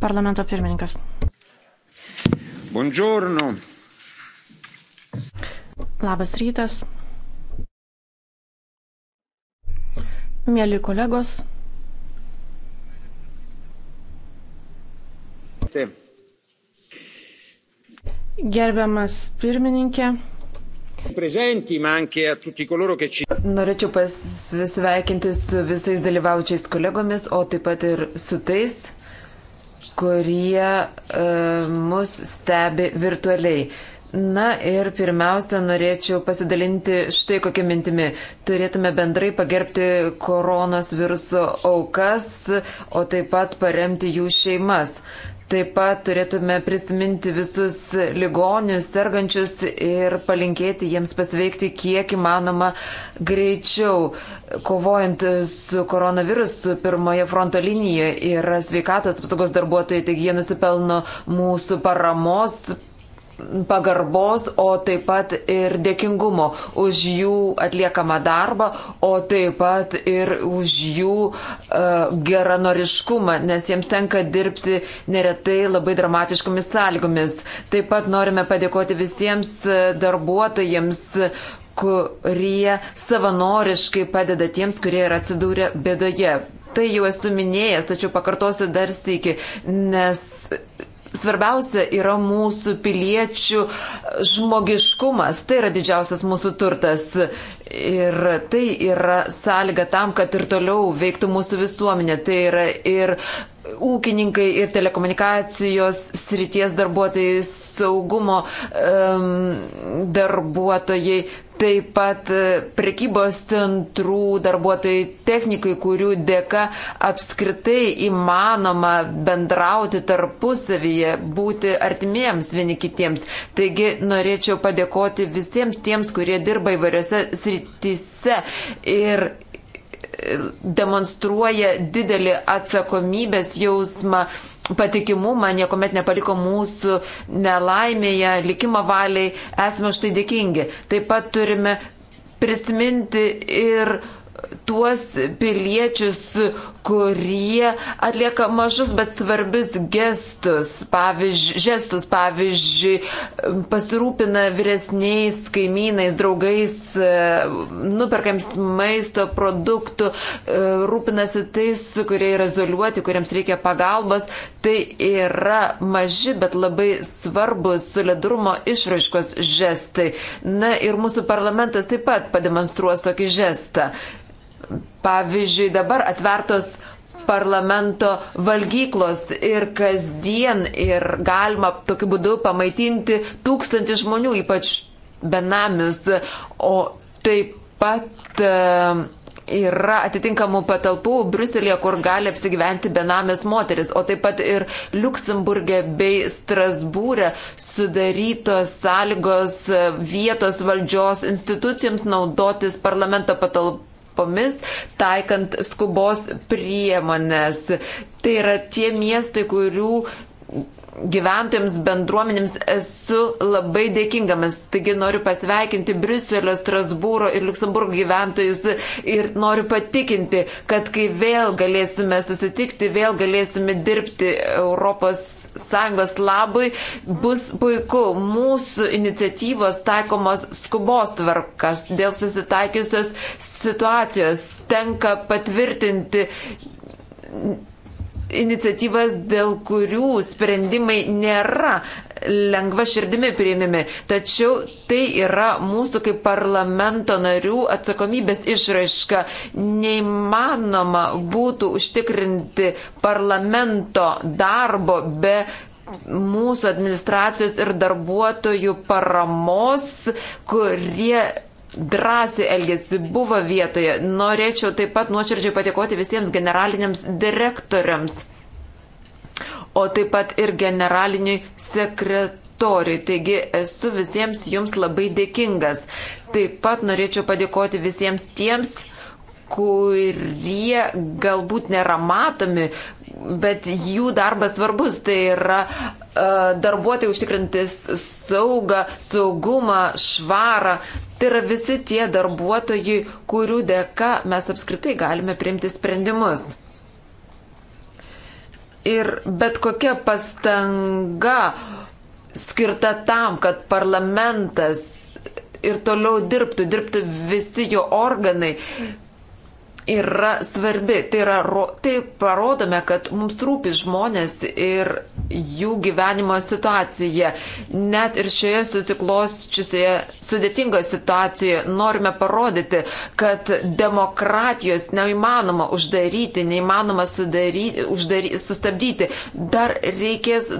parlamento pirmininkas. Buongiorno. Labas rytas. Mėly kolegos. Taip. Gerbiamas pirmininkė. Norėčiau pasveikinti su visais dalyvaučiais kolegomis, o taip pat ir su tais, kurie e, mus stebi virtualiai. Na ir pirmiausia, norėčiau pasidalinti štai kokią mintimį. Turėtume bendrai pagerbti koronos viruso aukas, o taip pat paremti jų šeimas. Taip pat turėtume prisiminti visus ligonius, sergančius ir palinkėti jiems pasveikti kiek įmanoma greičiau. Kovojant su koronavirusu pirmoje fronto linijoje yra sveikatos apsaugos darbuotojai, taigi jie nusipelno mūsų paramos, pagarbos, o taip pat ir dėkingumo už jų atliekamą darbą, o taip pat ir už jų uh, geranoriškumą, nes jiems tenka dirbti neretai labai dramatiškomis sąlygomis. Taip pat norime padėkoti visiems e, darbuotojams, kurie savanoriškai padeda tiems, kurie yra atsidūrę bėdoje. Tai jau esu minėjęs, tačiau pakartosiu dar sėki, nes Svarbiausia yra mūsų piliečių žmogiškumas. Tai yra didžiausias mūsų turtas. Ir tai yra sąlyga tam, kad ir toliau veiktų mūsų visuomenė. Tai yra ir ūkininkai ir telekomunikacijos srities darbuotojai, saugumo um, darbuotojai, taip pat e, prekybos centrų darbuotojai, technikai, kurių dėka apskritai įmanoma bendrauti tarpusavyje, būti artimiems vieni kitiems. Taigi norėčiau padėkoti visiems tiems, kurie dirba įvairiose srityse ir demonstruoja didelį atsakomybės jausmą, patikimumą, niekuomet nepaliko mūsų nelaimėje, likimo valiai, esame už tai dėkingi. Taip pat turime prisiminti ir tuos piliečius, kurie atlieka mažus, bet svarbius gestus, pavyzdžiui, žestus, pavyzdžiui, pasirūpina vyresniais kaimynais, draugais, nuperkams maisto produktų, rūpinasi tais, kurie yra izoliuoti, kuriems reikia pagalbos. Tai yra maži, bet labai svarbus solidarumo išraiškos žestai. Na ir mūsų parlamentas taip pat pademonstruos tokį žestą. Pavyzdžiui, dabar atvertos parlamento valgyklos ir kasdien ir galima tokiu būdu pamaitinti tūkstantį žmonių, ypač benamius. O taip pat e, yra atitinkamų patalpų Bruselėje, kur gali apsigyventi benamės moteris, o taip pat ir Luksemburgė bei Strasbūrė sudarytos sąlygos vietos valdžios institucijoms naudotis parlamento patalpų patalpomis, taikant skubos priemonės. Tai yra tie miestai, kurių gyventojams, bendruomenėms esu labai dėkingamas. Taigi noriu pasveikinti Briuselio, Strasbūro ir Luksemburgo gyventojus ir noriu patikinti, kad kai vėl galėsime susitikti, vėl galėsime dirbti Europos sąjungos labui bus puiku. Mūsų iniciatyvos taikomos skubos tvarkas dėl susitaikiusios situacijos. Tenka patvirtinti iniciatyvas, dėl kurių sprendimai nėra lengva širdimi priimimi, tačiau tai yra mūsų kaip parlamento narių atsakomybės išraiška. Neįmanoma būtų užtikrinti parlamento darbo be mūsų administracijos ir darbuotojų paramos, kurie drąsiai elgėsi, buvo vietoje. Norėčiau taip pat nuoširdžiai patikoti visiems generaliniams direktoriams, o taip pat ir generaliniui sekretoriui. Taigi esu visiems jums labai dėkingas. Taip pat norėčiau padėkoti visiems tiems, kurie galbūt nėra matomi, bet jų darbas svarbus. Tai yra e, darbuotojai užtikrintis saugą, saugumą, švarą. Tai yra visi tie darbuotojai, kurių dėka mes apskritai galime priimti sprendimus. Ir bet kokia pastanga skirta tam, kad parlamentas ir toliau dirbtų, dirbtų visi jo organai, yra svarbi. Tai, yra, tai parodome, kad mums rūpi žmonės ir jų gyvenimo situacija. Net ir šioje susiklosčiusioje sudėtingoje situacijoje norime parodyti, kad demokratijos neįmanoma uždaryti, neįmanoma sudaryti, uždary, sustabdyti. Dar reikės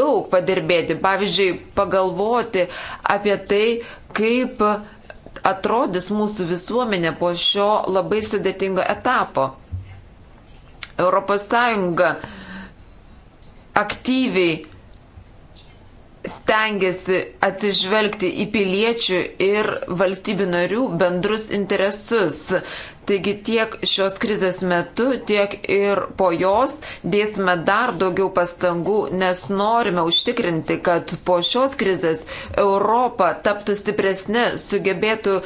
daug padirbėti. Pavyzdžiui, pagalvoti apie tai, kaip atrodys mūsų visuomenė po šio labai sudėtingo etapo. ES aktyviai stengiasi atsižvelgti į piliečių ir valstybių narių bendrus interesus. Taigi tiek šios krizės metu, tiek ir po jos dėsime dar daugiau pastangų, nes norime užtikrinti, kad po šios krizės Europa taptų stipresnė, sugebėtų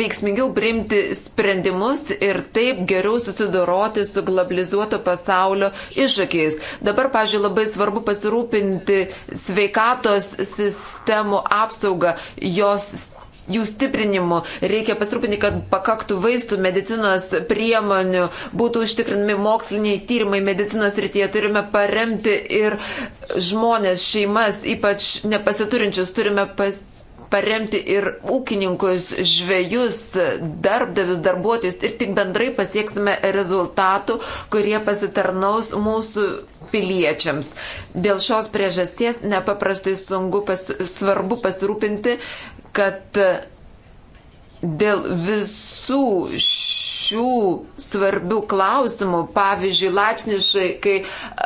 veiksmingiau priimti sprendimus ir taip geriau susidoroti su globalizuoto pasaulio iššūkiais. Dabar, pažiūrėjau, labai svarbu pasirūpinti sveikatos sistemų apsaugą, jos jų stiprinimu. Reikia pasirūpinti, kad pakaktų vaistų, medicinos priemonių, būtų užtikrinami moksliniai tyrimai medicinos rytyje. Turime paremti ir žmonės, šeimas, ypač nepasiturinčius. Turime pas paremti ir ūkininkus, žvėjus, darbdavius, darbuotojus ir tik bendrai pasieksime rezultatų, kurie pasitarnaus mūsų piliečiams. Dėl šios priežasties nepaprastai sunku, pas, svarbu pasirūpinti, kad dėl visų šių svarbių klausimų, pavyzdžiui, laipsniškai, kai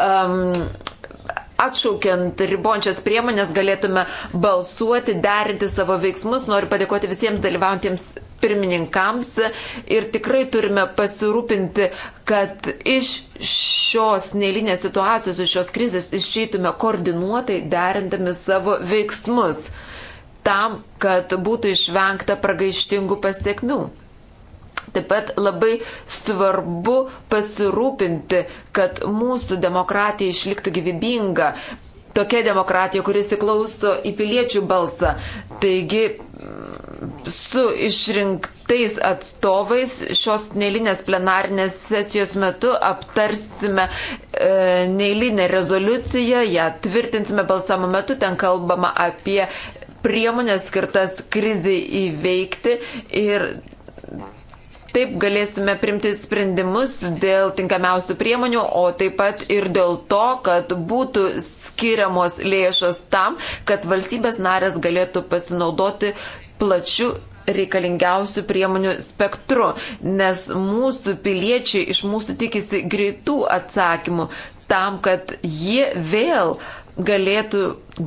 um, atšaukiant ribončias priemonės galėtume balsuoti, derinti savo veiksmus. Noriu padėkoti visiems dalyvaujantiems pirmininkams ir tikrai turime pasirūpinti, kad iš šios neįlinės situacijos, iš šios krizės išeitume koordinuotai derindami savo veiksmus tam, kad būtų išvengta pragaištingų pasiekmių. Taip pat labai svarbu pasirūpinti, kad mūsų demokratija išliktų gyvybinga. Tokia demokratija, kuris įklauso į piliečių balsą. Taigi su išrinktais atstovais šios neįlinės plenarinės sesijos metu aptarsime e, neįlinę rezoliuciją, ją tvirtinsime balsamo metu, ten kalbama apie priemonės skirtas krizai įveikti ir Taip galėsime primti sprendimus dėl tinkamiausių priemonių, o taip pat ir dėl to, kad būtų skiriamos lėšos tam, kad valstybės narės galėtų pasinaudoti plačiu reikalingiausių priemonių spektru, nes mūsų piliečiai iš mūsų tikisi greitų atsakymų tam, kad jie vėl uh, galėtų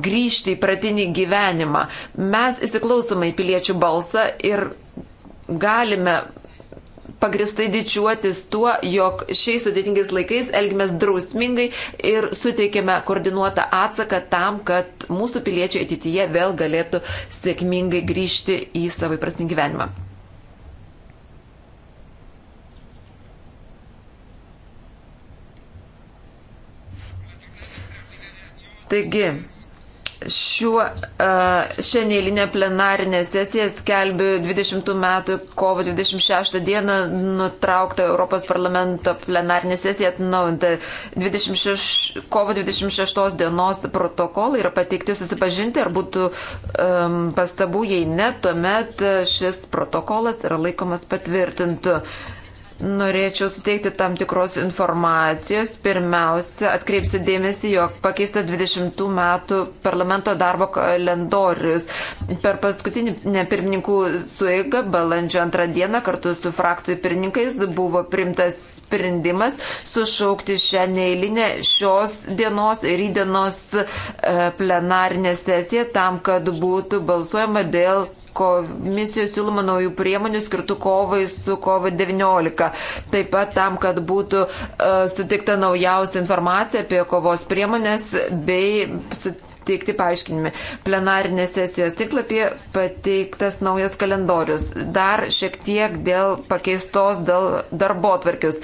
grįžti į pratinį gyvenimą. Mes įsiklausome į piliečių balsą ir galime pagristai didžiuotis tuo, jog šiais sudėtingais laikais elgimės drausmingai ir suteikėme koordinuotą atsaką tam, kad mūsų piliečiai ateityje vėl galėtų sėkmingai grįžti į savo įprastinį gyvenimą. Taigi, šiuo, e, šią neįlinę plenarinę sesiją skelbiu 20 metų kovo 26 dieną nutrauktą Europos parlamento plenarinę sesiją atnaujintą. 26, kovo 26 dienos protokolai yra pateikti susipažinti, ar būtų um, pastabų, jei ne, tuomet šis protokolas yra laikomas patvirtintu. Uh, Norėčiau suteikti tam tikros informacijos. Pirmiausia, atkreipsiu dėmesį, jog pakeista 20 metų parlamento darbo kalendorius. Per paskutinį pirmininkų suėgą balandžio antrą dieną kartu su frakcijų pirmininkais buvo primtas sprendimas sušaukti šią neįlinę šios dienos ir įdienos e, plenarinę sesiją tam, kad būtų balsuojama dėl komisijos siūloma naujų priemonių skirtų kovai su COVID-19 politiką. Taip pat tam, kad būtų e, sutikta naujausia informacija apie kovos priemonės bei teikti paaiškinimai. Plenarinės sesijos tiklapyje pateiktas naujas kalendorius. Dar šiek tiek dėl pakeistos dėl darbo atvarkius.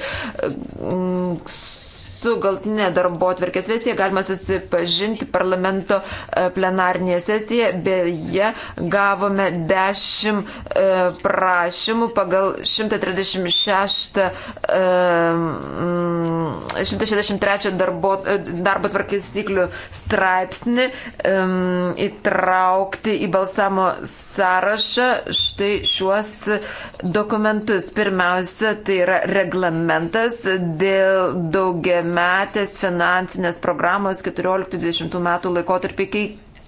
Mm, su galtinė darbo atverkės versija galima susipažinti parlamento e, plenarnėje sesijoje. Beje, gavome 10 e, prašymų pagal 136, 163 e, mm, darbo, darbo atverkės įsiklių straipsnį mm, įtraukti į balsamo sąrašą štai šiuos dokumentus. Pirmiausia, tai yra reglamentas dėl daugia daugiametės finansinės programos 14-20 metų laikotarpį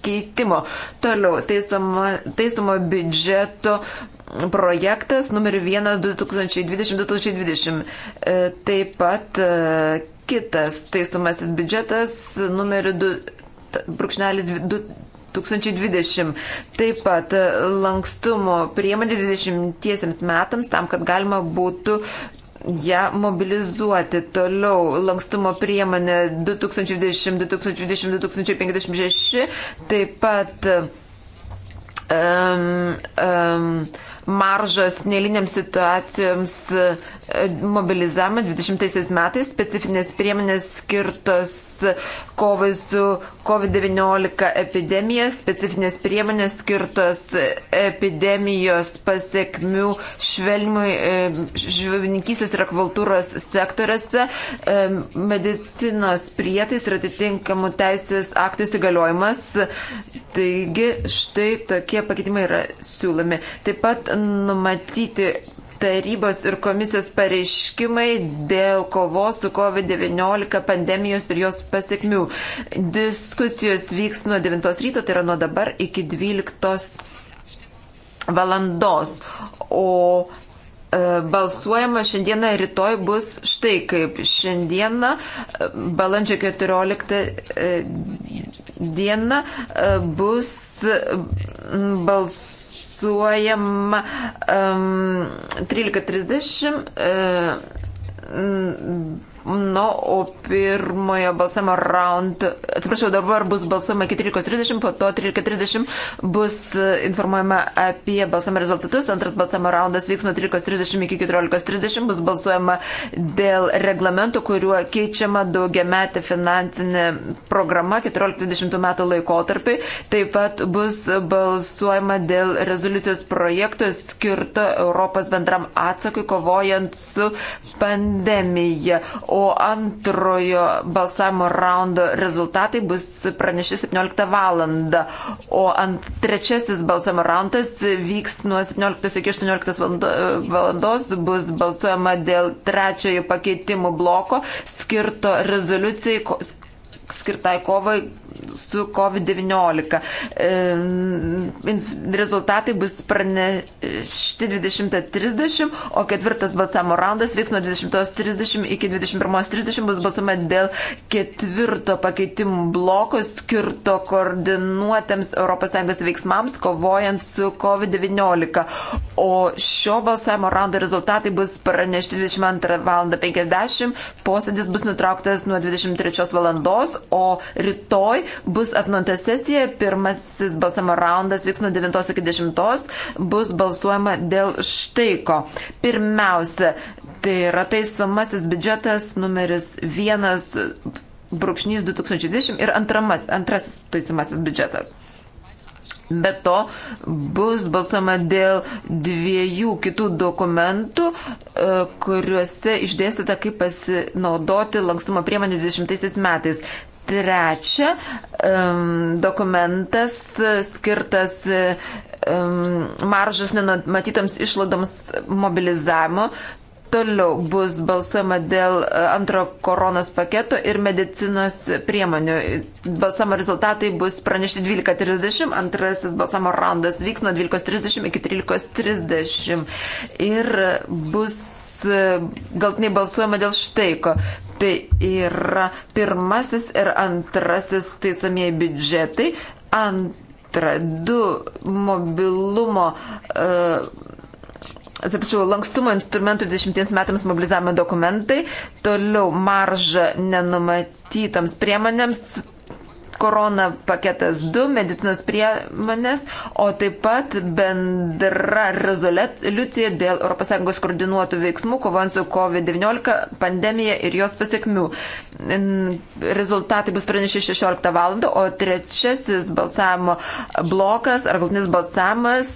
keitimo. Toliau, taisomo, taisomo biudžeto projektas numerio 1 2020-2020. Taip pat e, kitas taisomasis biudžetas numeriu 2. 2020. Taip pat e, lankstumo priemonė 20 metams tam, kad galima būtų ją mobilizuoti toliau lankstumo priemonė 2020-2020-2056, taip pat um, um, maržas neįliniams situacijoms e, mobilizavimą 20 metais, specifinės priemonės skirtos kovai su COVID-19 epidemija, specifinės priemonės skirtos epidemijos pasiekmių švelnimui e, žuvininkysės ir akvaltūros sektoriuose, e, medicinos prietais ir atitinkamų teisės aktų įsigaliojimas. Taigi štai tokie pakeitimai yra siūlomi. Taip pat numatyti tarybos ir komisijos pareiškimai dėl kovos su COVID-19 pandemijos ir jos pasiekmių. Diskusijos vyks nuo 9 ryto, tai yra nuo dabar iki 12 valandos. O e, balsuojama šiandieną ir rytoj bus štai kaip. Šiandieną, e, balandžio 14 e, dieną, bus balsuojama balsuojama um, 13.30. Uh, um, Na, o pirmojo balsavimo raund, atsiprašau, dabar bus balsuojama iki 13.30, po to 13.30 bus e, informuojama apie balsavimo rezultatus. Antras balsavimo raundas vyks nuo 13.30 iki 14.30, bus balsuojama dėl reglamento, kuriuo keičiama daugiametė finansinė programa 14.20 metų laikotarpiai. Taip pat bus balsuojama dėl rezoliucijos projekto skirto Europos bendram atsakui kovojant su pandemija o antrojo balsavimo raundo rezultatai bus pranešti 17 val. O ant trečiasis balsavimo raundas vyks nuo 17 iki 18 val. bus balsuojama dėl trečiojo pakeitimų bloko skirto rezoliucijai skirtai kovai su COVID-19. E, rezultatai bus pranešti 20.30, o ketvirtas balsavimo raundas vyks nuo 20.30 iki 21.30 bus balsama dėl ketvirto pakeitimų bloko skirto koordinuotėms ES veiksmams kovojant su COVID-19. O šio balsavimo raundo rezultatai bus pranešti 22.50, posėdis bus nutrauktas nuo 23.00, o rytoj bus atmanta sesija, pirmasis balsamo raundas vyks nuo 9 iki 10, bus balsuojama dėl štaiko. Pirmiausia, tai yra taisomasis biudžetas numeris 1 brūkšnys 2020 ir antramas, antrasis taisomasis biudžetas. Be to bus balsama dėl dviejų kitų dokumentų, e, kuriuose išdėstyta, kaip pasinaudoti lankstumo priemonių 20 metais. Trečia, dokumentas skirtas maržos nenumatytoms išlaidoms mobilizavimo. Toliau bus balsuojama dėl e, antro koronas paketo ir medicinos priemonių. Balsamo rezultatai bus pranešti 12.30, antrasis balsamo raundas vyks nuo 12.30 iki 13.30 ir bus E, galtinai balsuojama dėl štai ko. Tai yra pirmasis ir antrasis taisomieji biudžetai, antra, du mobilumo, uh, atsiprašau, lankstumo instrumentų 10 metams mobilizavimo dokumentai, toliau marža nenumatytams priemonėms, korona paketas 2, medicinos priemonės, o taip pat bendra rezoliucija dėl ES koordinuotų veiksmų kovant su COVID-19 pandemija ir jos pasiekmių. Rezultatai bus pranešti 16 val. o trečiasis balsavimo blokas ar galtinis balsavimas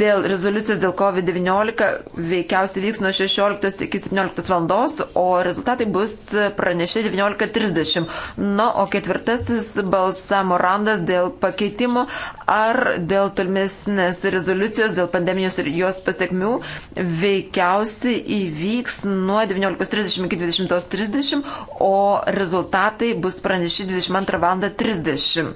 dėl rezoliucijos dėl COVID-19 veikiausiai vyks nuo 16 iki 17 val. o rezultatai bus pranešti 19.30. Na, o ketvirtasis galutinis balsamo randas dėl pakeitimo ar dėl tolmesnės rezoliucijos, dėl pandemijos ir jos pasiekmių veikiausiai įvyks nuo 19.30 iki 20.30, o rezultatai bus praneši 22.30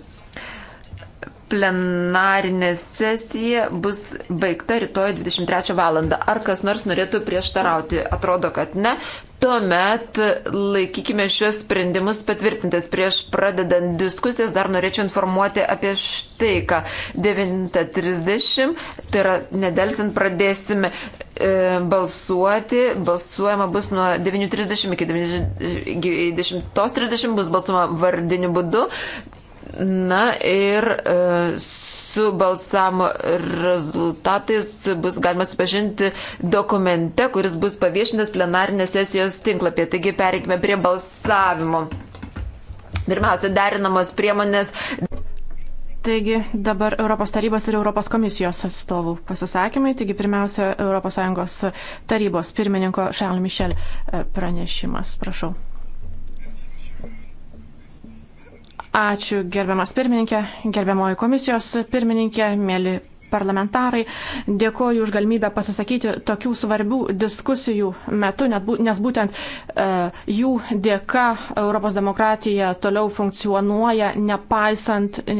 plenarinė sesija bus baigta rytoj 23 val. Ar kas nors norėtų prieštarauti? Atrodo, kad ne. Tuomet laikykime šios sprendimus patvirtintas. Prieš pradedant diskusijas dar norėčiau informuoti apie štai, ką 9.30, tai yra nedelsint pradėsime e, balsuoti. Balsuojama bus nuo 9.30 iki 10.30 bus balsuojama vardiniu būdu. Na ir e, su balsavimo rezultatais bus galima supažinti dokumente, kuris bus paviešintas plenarinės sesijos tinklapyje. Taigi pereikime prie balsavimo. Pirmiausia, derinamos priemonės. Taigi dabar Europos tarybos ir Europos komisijos atstovų pasisakymai. Taigi pirmiausia, ES tarybos pirmininko Charles Michel e, pranešimas. Prašau. Ačiū gerbiamas pirmininkė, gerbiamoji komisijos pirmininkė, mėly parlamentarai. Dėkoju už galimybę pasisakyti tokių svarbių diskusijų metu, nes būtent e, jų dėka Europos demokratija toliau funkcionuoja, nepaisant e,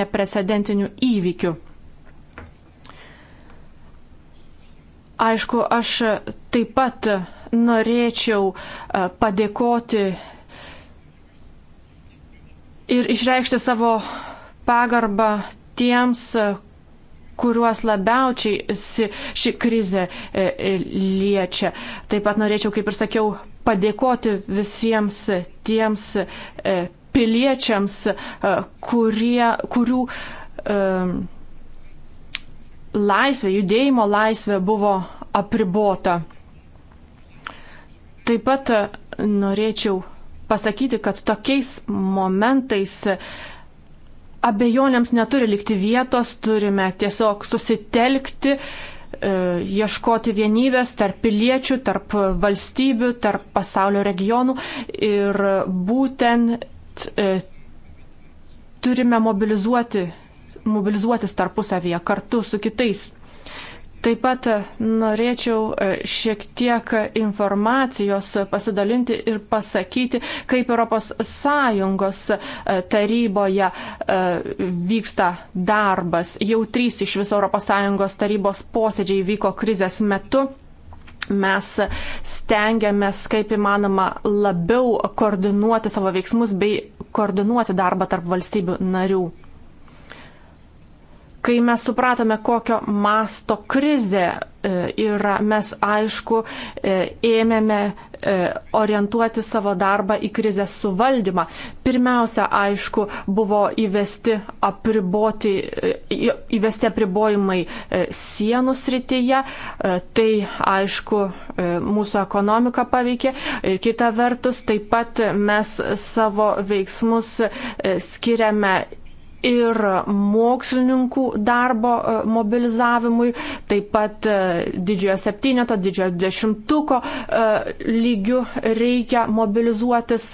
neprecedentinių įvykių. Aišku, aš taip pat norėčiau e, padėkoti ir išreikšti savo pagarbą tiems, kuriuos labiausiai ši krizė e, e, liečia. Taip pat norėčiau, kaip ir sakiau, padėkoti visiems tiems e, piliečiams, kurie, kurių laisvė, judėjimo laisvė buvo apribota. Taip pat norėčiau pasakyti, kad tokiais momentais abejonėms neturi likti vietos, turime tiesiog susitelkti, e, ieškoti vienybės tarp piliečių, tarp valstybių, tarp pasaulio regionų ir būtent e, turime mobilizuoti, mobilizuotis tarpusavyje kartu su kitais. Taip pat e, norėčiau e, šiek tiek informacijos pasidalinti ir pasakyti, kaip ES e, taryboje vyksta darbas. Jau trys iš viso ES tarybos posėdžiai vyko krizės metu. Mes stengiamės kaip įmanoma labiau koordinuoti savo veiksmus bei koordinuoti darbą tarp valstybių narių kai mes supratome, kokio masto krizė e, yra, mes aišku e, ėmėme e, orientuoti savo darbą į krizės suvaldymą. Pirmiausia, aišku, buvo įvesti, apriboti, įvesti apribojimai sienų srityje, tai aišku mūsų ekonomiką paveikė ir kita vertus taip pat mes savo veiksmus skiriame ir mokslininkų darbo e, mobilizavimui, taip pat e, didžiojo septyneto, didžiojo dešimtuko e, lygių reikia mobilizuotis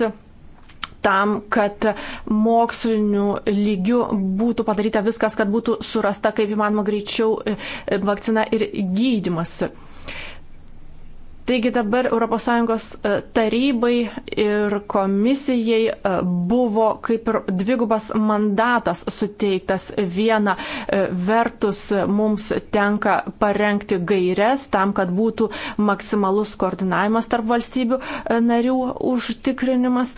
tam, kad mokslinių lygių būtų padaryta viskas, kad būtų surasta kaip įmanoma greičiau vakcina ir gydimas. Taigi dabar ES e, tarybai ir komisijai e, buvo kaip ir dvigubas mandatas suteiktas. Viena e, vertus mums tenka parengti gairias tam, kad būtų maksimalus koordinavimas tarp valstybių narių užtikrinimas.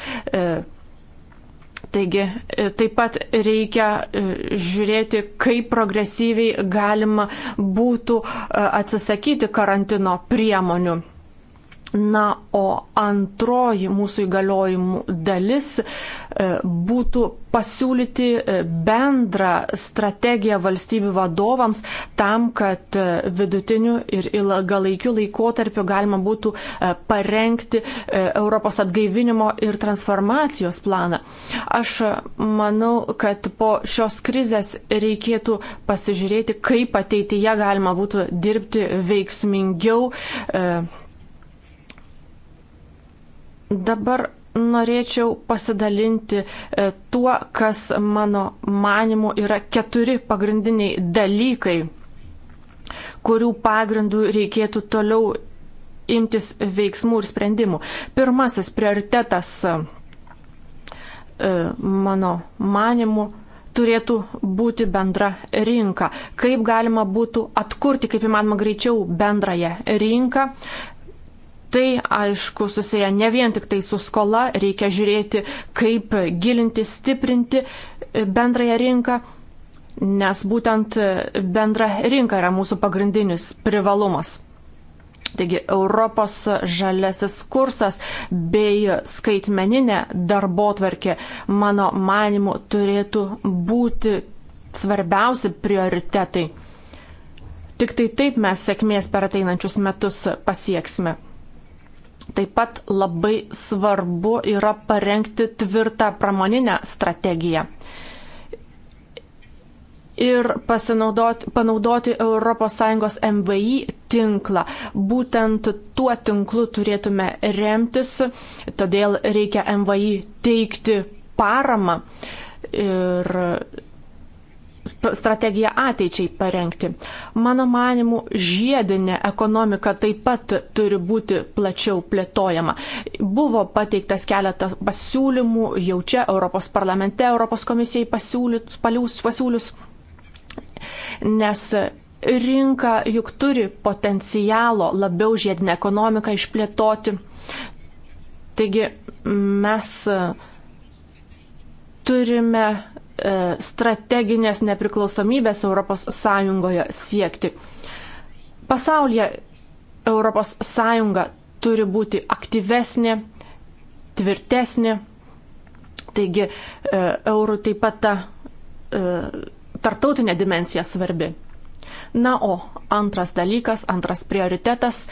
Taigi taip pat reikia žiūrėti, kaip progresyviai galima būtų atsisakyti karantino priemonių. Na, o antroji mūsų įgaliojimų dalis e, būtų pasiūlyti e, bendrą strategiją valstybių vadovams tam, kad e, vidutiniu ir ilgalaikiu laikotarpiu galima būtų parengti Europos atgaivinimo ir transformacijos planą. Aš manau, kad po šios krizės reikėtų pasižiūrėti, kaip ateityje galima būtų dirbti veiksmingiau Dabar norėčiau pasidalinti e, tuo, kas mano manimu yra keturi pagrindiniai dalykai, kurių pagrindų reikėtų toliau imtis veiksmų ir sprendimų. Pirmasis prioritetas e, mano manimu turėtų būti bendra rinka. Kaip galima būtų atkurti, kaip įmanoma greičiau, bendrąją rinką, tai, aišku, susiję ne vien tik tai su skola, reikia žiūrėti, kaip gilinti, stiprinti bendrąją rinką, nes būtent bendra rinka yra mūsų pagrindinis privalumas. Taigi Europos žalesis kursas bei skaitmeninė darbo tvarkė, mano manimu, turėtų būti svarbiausi prioritetai. Tik tai taip mes sėkmės per ateinančius metus pasieksime. Taip pat labai svarbu yra parengti tvirtą pramoninę strategiją ir panaudoti ES MVI tinklą. Būtent tuo tinklu turėtume remtis, todėl reikia MVI teikti paramą. Ir strategiją ateičiai parengti. Mano manimu, žiedinė ekonomika taip pat turi būti plačiau plėtojama. Buvo pateiktas keletas pasiūlymų jau čia Europos parlamente, Europos komisijai pasiūlius, palius, pasiūlius nes rinka juk turi potencialo labiau žiedinę ekonomiką išplėtoti. Taigi mes turime E, strateginės nepriklausomybės ES siekti. Pasaulyje ES turi būti aktyvesnė, tvirtesnė. Taigi e, eurų taip pat ta e, tartautinė dimensija svarbi. Na, o antras dalykas, antras prioritetas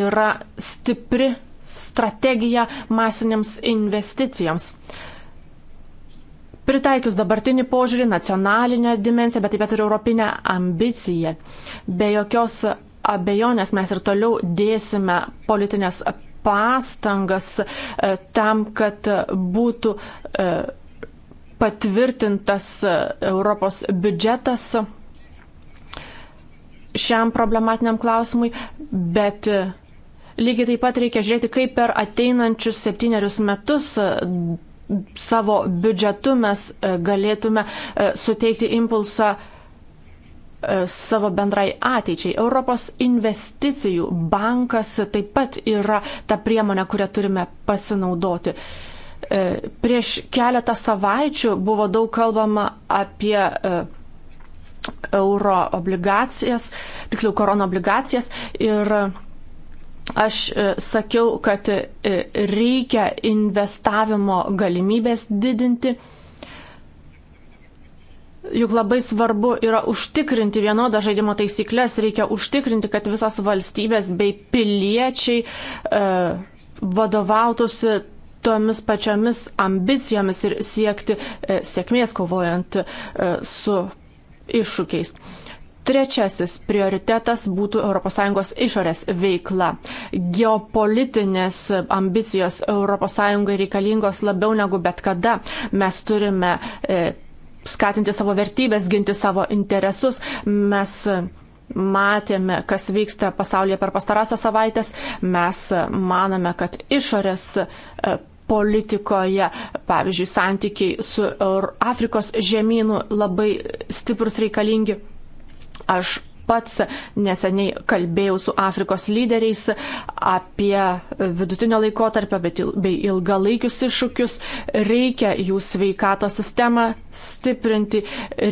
yra stipri strategija masinėms investicijoms. Uh, Pritaikius dabartinį požiūrį, nacionalinę dimenciją, bet taip pat ir europinę ambiciją, be jokios abejonės mes ir toliau dėsime politinės pastangas e, tam, kad būtų e, patvirtintas e, Europos biudžetas šiam problematiniam klausimui, bet lygiai taip pat reikia žiūrėti, kaip per ateinančius septynerius metus savo biudžetu mes e, galėtume e, suteikti impulsą e, savo bendrai ateičiai. Europos investicijų bankas taip pat yra ta priemonė, kurią turime pasinaudoti. Prieš keletą savaičių buvo daug kalbama apie euro obligacijas, tiksliau korono obligacijas ir Aš e, sakiau, kad e, reikia investavimo galimybės didinti. Juk labai svarbu yra užtikrinti vienodą žaidimo taisyklės, reikia užtikrinti, kad visos valstybės bei piliečiai e, vadovautųsi tomis pačiomis ambicijomis ir siekti e, sėkmės kovojant e, su iššūkiais. Trečiasis prioritetas būtų ES išorės veikla. Geopolitinės ambicijos ES reikalingos labiau negu bet kada. Mes turime e, skatinti savo vertybės, ginti savo interesus. Mes matėme, kas vyksta pasaulyje per pastarąsią savaitęs. Mes manome, kad išorės e, politikoje, pavyzdžiui, santykiai su Afrikos žemynu labai stiprus reikalingi Aš pats neseniai kalbėjau su Afrikos lyderiais apie vidutinio laiko tarp, bei ilgalaikius iššūkius. Reikia jų sveikato sistemą stiprinti,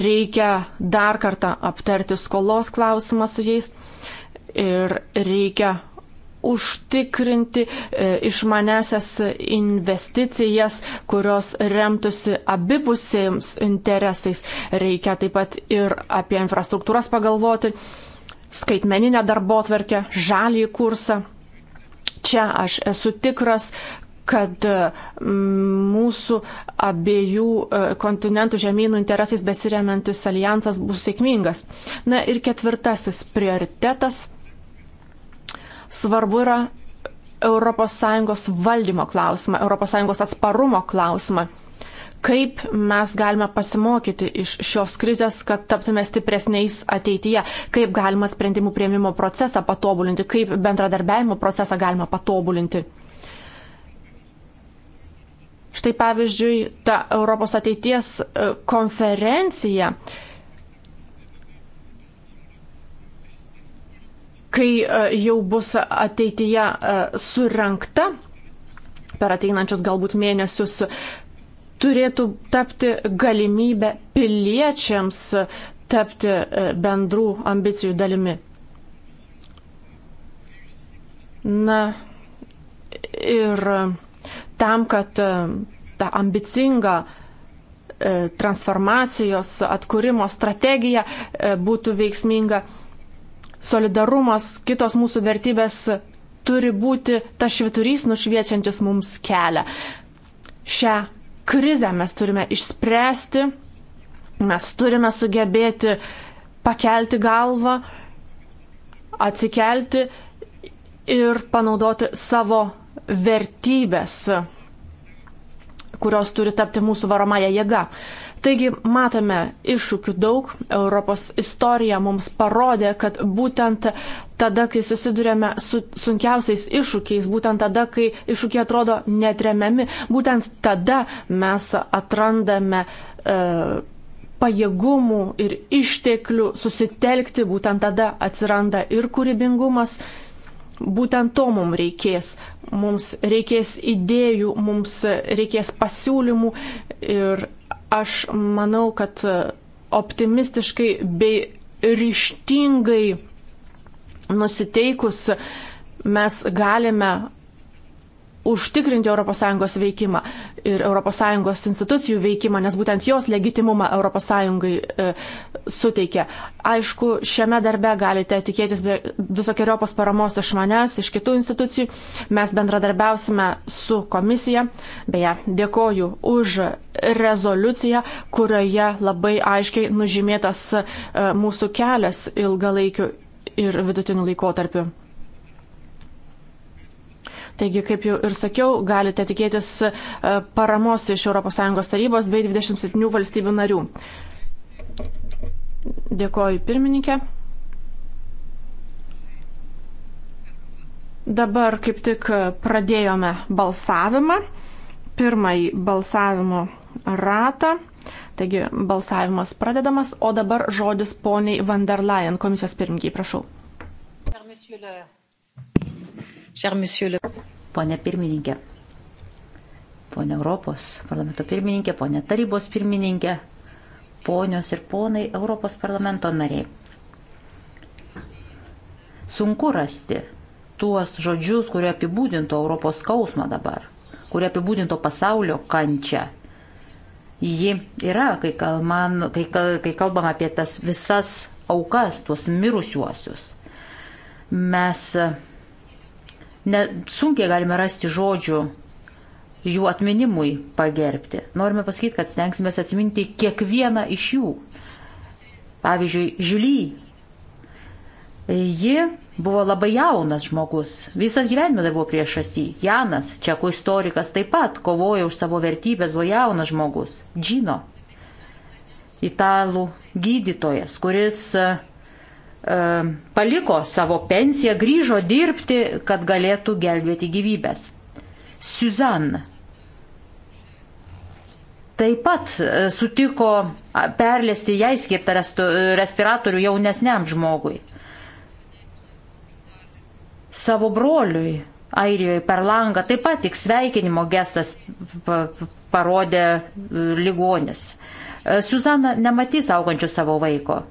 reikia dar kartą aptarti skolos klausimą su jais ir reikia užtikrinti e, išmanesias investicijas, kurios remtųsi abipusiems interesais. Reikia taip pat ir apie infrastruktūras pagalvoti, skaitmeninę darbo atverkę, žalį kursą. Čia aš esu tikras, kad e, mūsų abiejų e, kontinentų žemynų interesais besiriamantis alijansas bus sėkmingas. Na ir ketvirtasis prioritetas svarbu yra ES valdymo klausimą, ES atsparumo klausimą. Kaip mes galime pasimokyti iš šios krizės, kad taptume stipresniais ateityje, kaip galima sprendimų prieimimo procesą patobulinti, kaip bendradarbiavimo procesą galima patobulinti. Štai pavyzdžiui, ta Europos ateities e, konferencija, uh, kai e, jau bus ateityje e, surenkta per ateinančius galbūt mėnesius, turėtų tapti galimybę piliečiams tapti e, bendrų ambicijų dalimi. Na ir tam, kad ta ambicinga transformacijos atkūrimo strategija būtų veiksminga, solidarumas, kitos mūsų vertybės turi būti ta šviturys nušviečiantis mums kelią. Šią krizę mes turime išspręsti, mes turime sugebėti pakelti galvą, atsikelti ir panaudoti savo vertybės, kurios turi tapti mūsų varomąją jėgą. Taigi matome iššūkių daug, Europos istorija mums parodė, kad būtent tada, kai susidurėme su sunkiausiais iššūkiais, būtent tada, kai iššūkiai atrodo netremiami, būtent tada mes atrandame e, pajėgumų ir išteklių susitelkti, būtent tada atsiranda ir kūrybingumas. Būtent to mums reikės. Mums reikės idėjų, mums reikės pasiūlymų ir Aš manau, kad optimistiškai bei ryštingai nusiteikus mes galime užtikrinti ES veikimą ir ES institucijų veikimą, nes būtent jos legitimumą ES e, suteikia. Aišku, šiame darbe galite tikėtis visokiojopos paramos iš manęs, iš kitų institucijų. Mes bendradarbiausime su komisija. Beje, dėkoju už rezoliuciją, kurioje labai aiškiai nužymėtas e, mūsų kelias ilgalaikiu ir vidutiniu laikotarpiu. Taigi, kaip jau ir sakiau, galite tikėtis e, paramos iš ES tarybos bei 27 valstybių narių. Dėkoju pirmininkė. Dabar kaip tik pradėjome balsavimą, pirmąjį balsavimo ratą. Taigi balsavimas pradedamas, o dabar žodis poniai van der Leyen, komisijos pirmininkiai, prašau. Pone pirmininkė, pone Europos parlamento pirmininkė, pone tarybos pirmininkė, ponios ir ponai Europos parlamento nariai. Sunku rasti tuos žodžius, kurie apibūdintų Europos skausmą dabar, kurie apibūdintų pasaulio kančią. Ji yra, kai, kal man, kai, kai kalbam apie tas visas aukas, tuos mirusiuosius. Mes Sunkiai galime rasti žodžių jų atminimui pagerbti. Norime pasakyti, kad stengsime atsiminti kiekvieną iš jų. Pavyzdžiui, Žiuly. Ji buvo labai jaunas žmogus. Visas gyvenimas dar buvo priešastį. Janas, čekų istorikas, taip pat kovojo už savo vertybės, buvo jaunas žmogus. Džino. Italų gydytojas, kuris uh, E, paliko savo pensiją, grįžo dirbti, kad galėtų gelbėti gyvybės. Suzanne taip pat e, sutiko perlėsti jai skirtą respiratorių jaunesniam žmogui. Savo broliui Airijoje per langą taip pat tik sveikinimo gestas parodė e, ligonis. Suzana nematys augančių savo vaiko.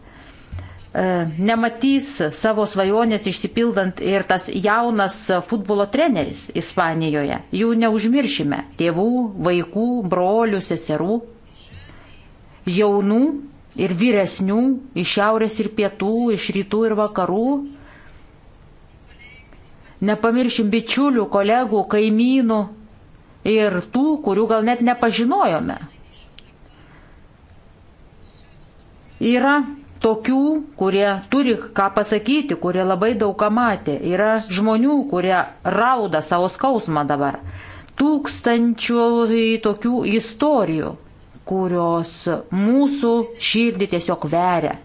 E, nematys savo svajonės išsipildant ir tas jaunas futbolo treneris Ispanijoje. Jų neužmiršime - tėvų, vaikų, brolių, seserų, jaunų ir vyresnių iš šiaurės ir pietų, iš rytų ir vakarų. Nepamiršim bičiulių, kolegų, kaimynų ir tų, kurių gal net nepažinojome. Yra tokių, kurie turi ką pasakyti, kurie labai daug ką matė. Yra žmonių, kurie rauda savo skausmą dabar. Tūkstančių tokių istorijų, kurios mūsų širdį tiesiog veria.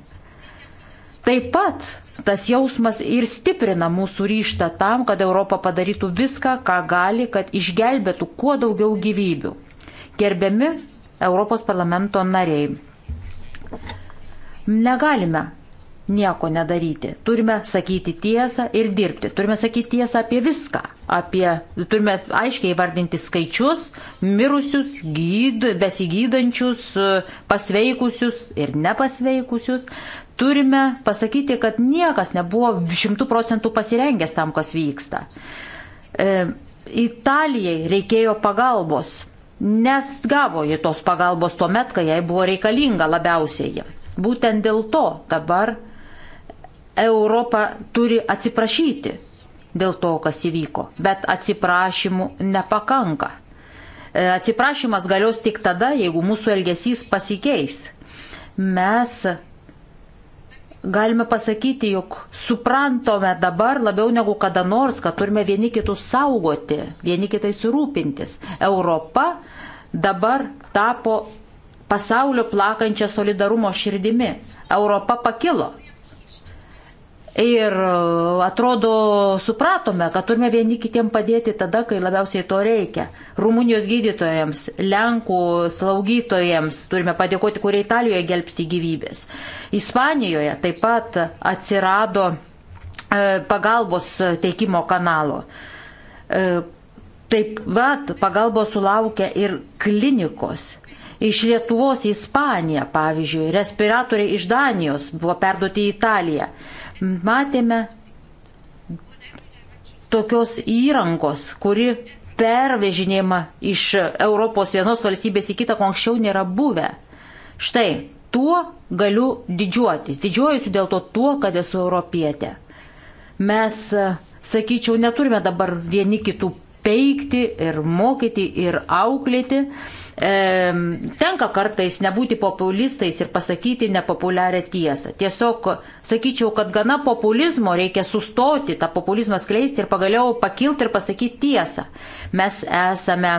Taip pat tas jausmas ir stiprina mūsų ryštą tam, kad Europa padarytų viską, ką gali, kad išgelbėtų kuo daugiau gyvybių. Gerbiami Europos parlamento nariai. Negalime nieko nedaryti. Turime sakyti tiesą ir dirbti. Turime sakyti tiesą apie viską. Apie, turime aiškiai vardinti skaičius, mirusius, gyd, besigydančius, pasveikusius ir nepasveikusius. Turime pasakyti, kad niekas nebuvo šimtų procentų pasirengęs tam, kas vyksta. E, Italijai reikėjo pagalbos, nes gavo jie tos pagalbos tuo met, kai jai buvo reikalinga labiausiai. Būtent dėl to dabar Europa turi atsiprašyti dėl to, kas įvyko. Bet atsiprašymų nepakanka. E, atsiprašymas galios tik tada, jeigu mūsų elgesys pasikeis. Mes galime pasakyti, jog suprantome dabar labiau negu kada nors, kad turime vieni kitus saugoti, vieni kitais rūpintis. Europa dabar tapo pasaulio plakančią solidarumo širdimi. Europa pakilo. Ir uh, atrodo, supratome, kad turime vieni kitiem padėti tada, kai labiausiai to reikia. Rumunijos gydytojams, Lenkų slaugytojams turime padėkoti, kurie Italijoje gelbsti gyvybės. Ispanijoje taip pat atsirado uh, pagalbos teikimo kanalo. Uh, taip pat pagalbos sulaukia ir klinikos iš Lietuvos į Ispaniją, pavyzdžiui, respiratoriai iš Danijos buvo perduoti į Italiją. Matėme tokios įrangos, kuri pervežinėjama iš Europos vienos valstybės į kitą, ko anksčiau nėra buvę. Štai, tuo galiu didžiuotis. Didžiuojusiu dėl to tuo, kad esu europietė. Mes, sakyčiau, neturime dabar vieni kitų peikti ir mokyti ir auklėti e, tenka kartais nebūti populistais ir pasakyti nepopuliarią tiesą. Tiesiog sakyčiau, kad gana populizmo reikia sustoti, tą populizmą skleisti ir pagaliau pakilti ir pasakyti tiesą. Mes esame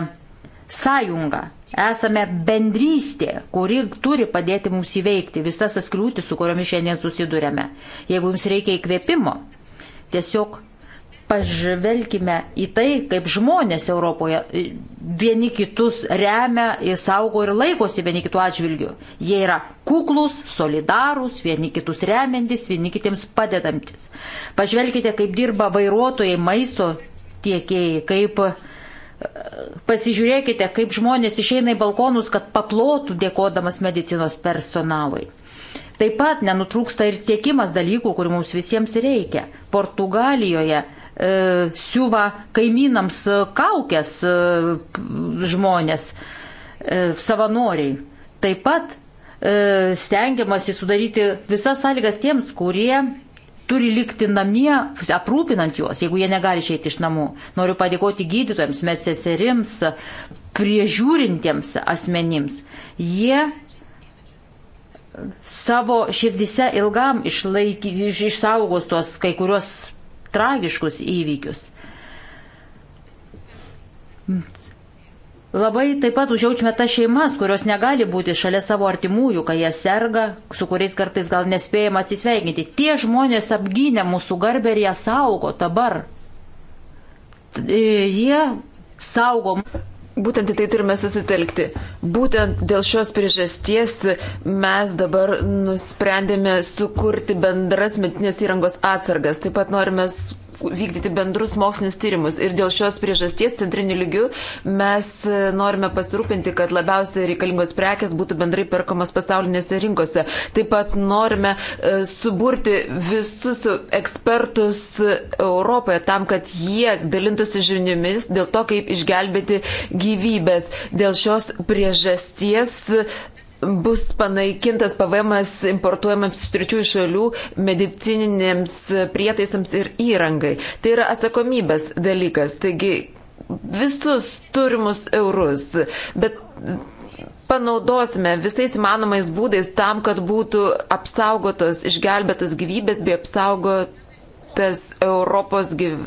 sąjunga, esame bendrystė, kuri turi padėti mums įveikti visas tas kliūtis, su kuriomis šiandien susidurėme. Jeigu jums reikia įkvėpimo, tiesiog pažvelkime į tai, kaip žmonės Europoje e, vieni kitus remia, e, saugo ir laikosi vieni kitų atžvilgių. Jie yra kuklus, solidarūs, vieni kitus remiantis, vieni kitiems padedantis. Pažvelkite, kaip dirba vairuotojai, maisto tiekėjai, kaip e, pasižiūrėkite, kaip žmonės išeina į balkonus, kad paplotų dėkodamas medicinos personalui. Taip pat nenutrūksta ir tiekimas dalykų, kurių mums visiems reikia. Portugalijoje E, siūva kaimynams e, kaukės e, žmonės, savanoriai. Taip pat stengiamasi sudaryti visas sąlygas tiems, kurie turi likti namie, aprūpinant juos, jeigu jie negali išeiti iš namų. Noriu padėkoti gydytojams, medseserims, priežiūrintiems asmenims. Jie savo širdise ilgam išlaiky, išsaugos tuos kai kurios tragiškus įvykius. Labai taip pat užjaučiame tas šeimas, kurios negali būti šalia savo artimųjų, kai jie serga, su kuriais kartais gal nespėjama atsisveikinti. Tie žmonės apgynė mūsų garbę ir ją saugo dabar. Jie saugo Būtent į tai turime susitelkti. Būtent dėl šios priežasties mes dabar nusprendėme sukurti bendras metinės įrangos atsargas. Taip pat norime vykdyti bendrus mokslinius tyrimus. Ir dėl šios priežasties centriniu lygiu mes e, norime pasirūpinti, kad labiausiai reikalingos prekes būtų bendrai perkamos pasaulinėse rinkose. Taip pat norime e, suburti visus ekspertus e, Europoje tam, kad jie dalintųsi žiniomis dėl to, kaip išgelbėti gyvybės. Dėl šios priežasties bus panaikintas PVM importuojamams iš trečiųjų šalių medicininėms prietaisams ir įrangai. Tai yra atsakomybės dalykas. Taigi visus turimus eurus, bet panaudosime visais įmanomais būdais tam, kad būtų apsaugotos, išgelbėtos gyvybės bei apsaugotas Europos gyv...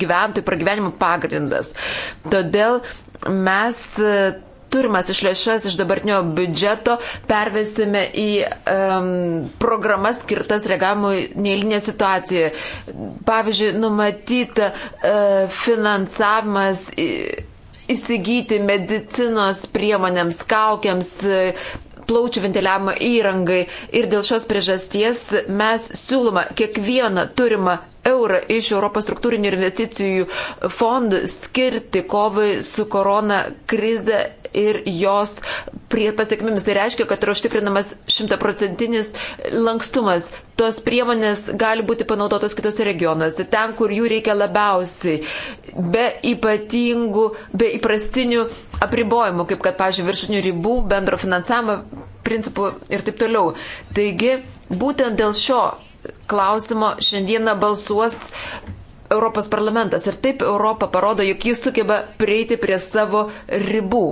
gyventojų pragyvenimo pagrindas. Todėl mes turimas iš lėšas iš dabartinio biudžeto pervesime į um, programas skirtas reagavimui neįlinė situacija. Pavyzdžiui, numatyta uh, e, finansavimas. Į, Įsigyti medicinos priemonėms, kaukiams, e, plaučių ventiliavimo įrangai ir dėl šios priežasties mes siūloma kiekvieną turimą eurą iš Europos struktūrinių investicijų fondų skirti kovai su korona krize ir jos prie pasiekmėmis. Tai reiškia, kad yra užtikrinamas šimtaprocentinis lankstumas. Tos priemonės gali būti panaudotos kitose regionuose, ten, kur jų reikia labiausiai, be ypatingų, be įprastinių apribojimų, kaip kad, pavyzdžiui, viršinių ribų, bendro finansavimo principų ir taip toliau. Taigi, būtent dėl šio klausimo šiandieną balsuos Europos parlamentas. Ir taip Europa parodo, jog jis sugeba prieiti prie savo ribų.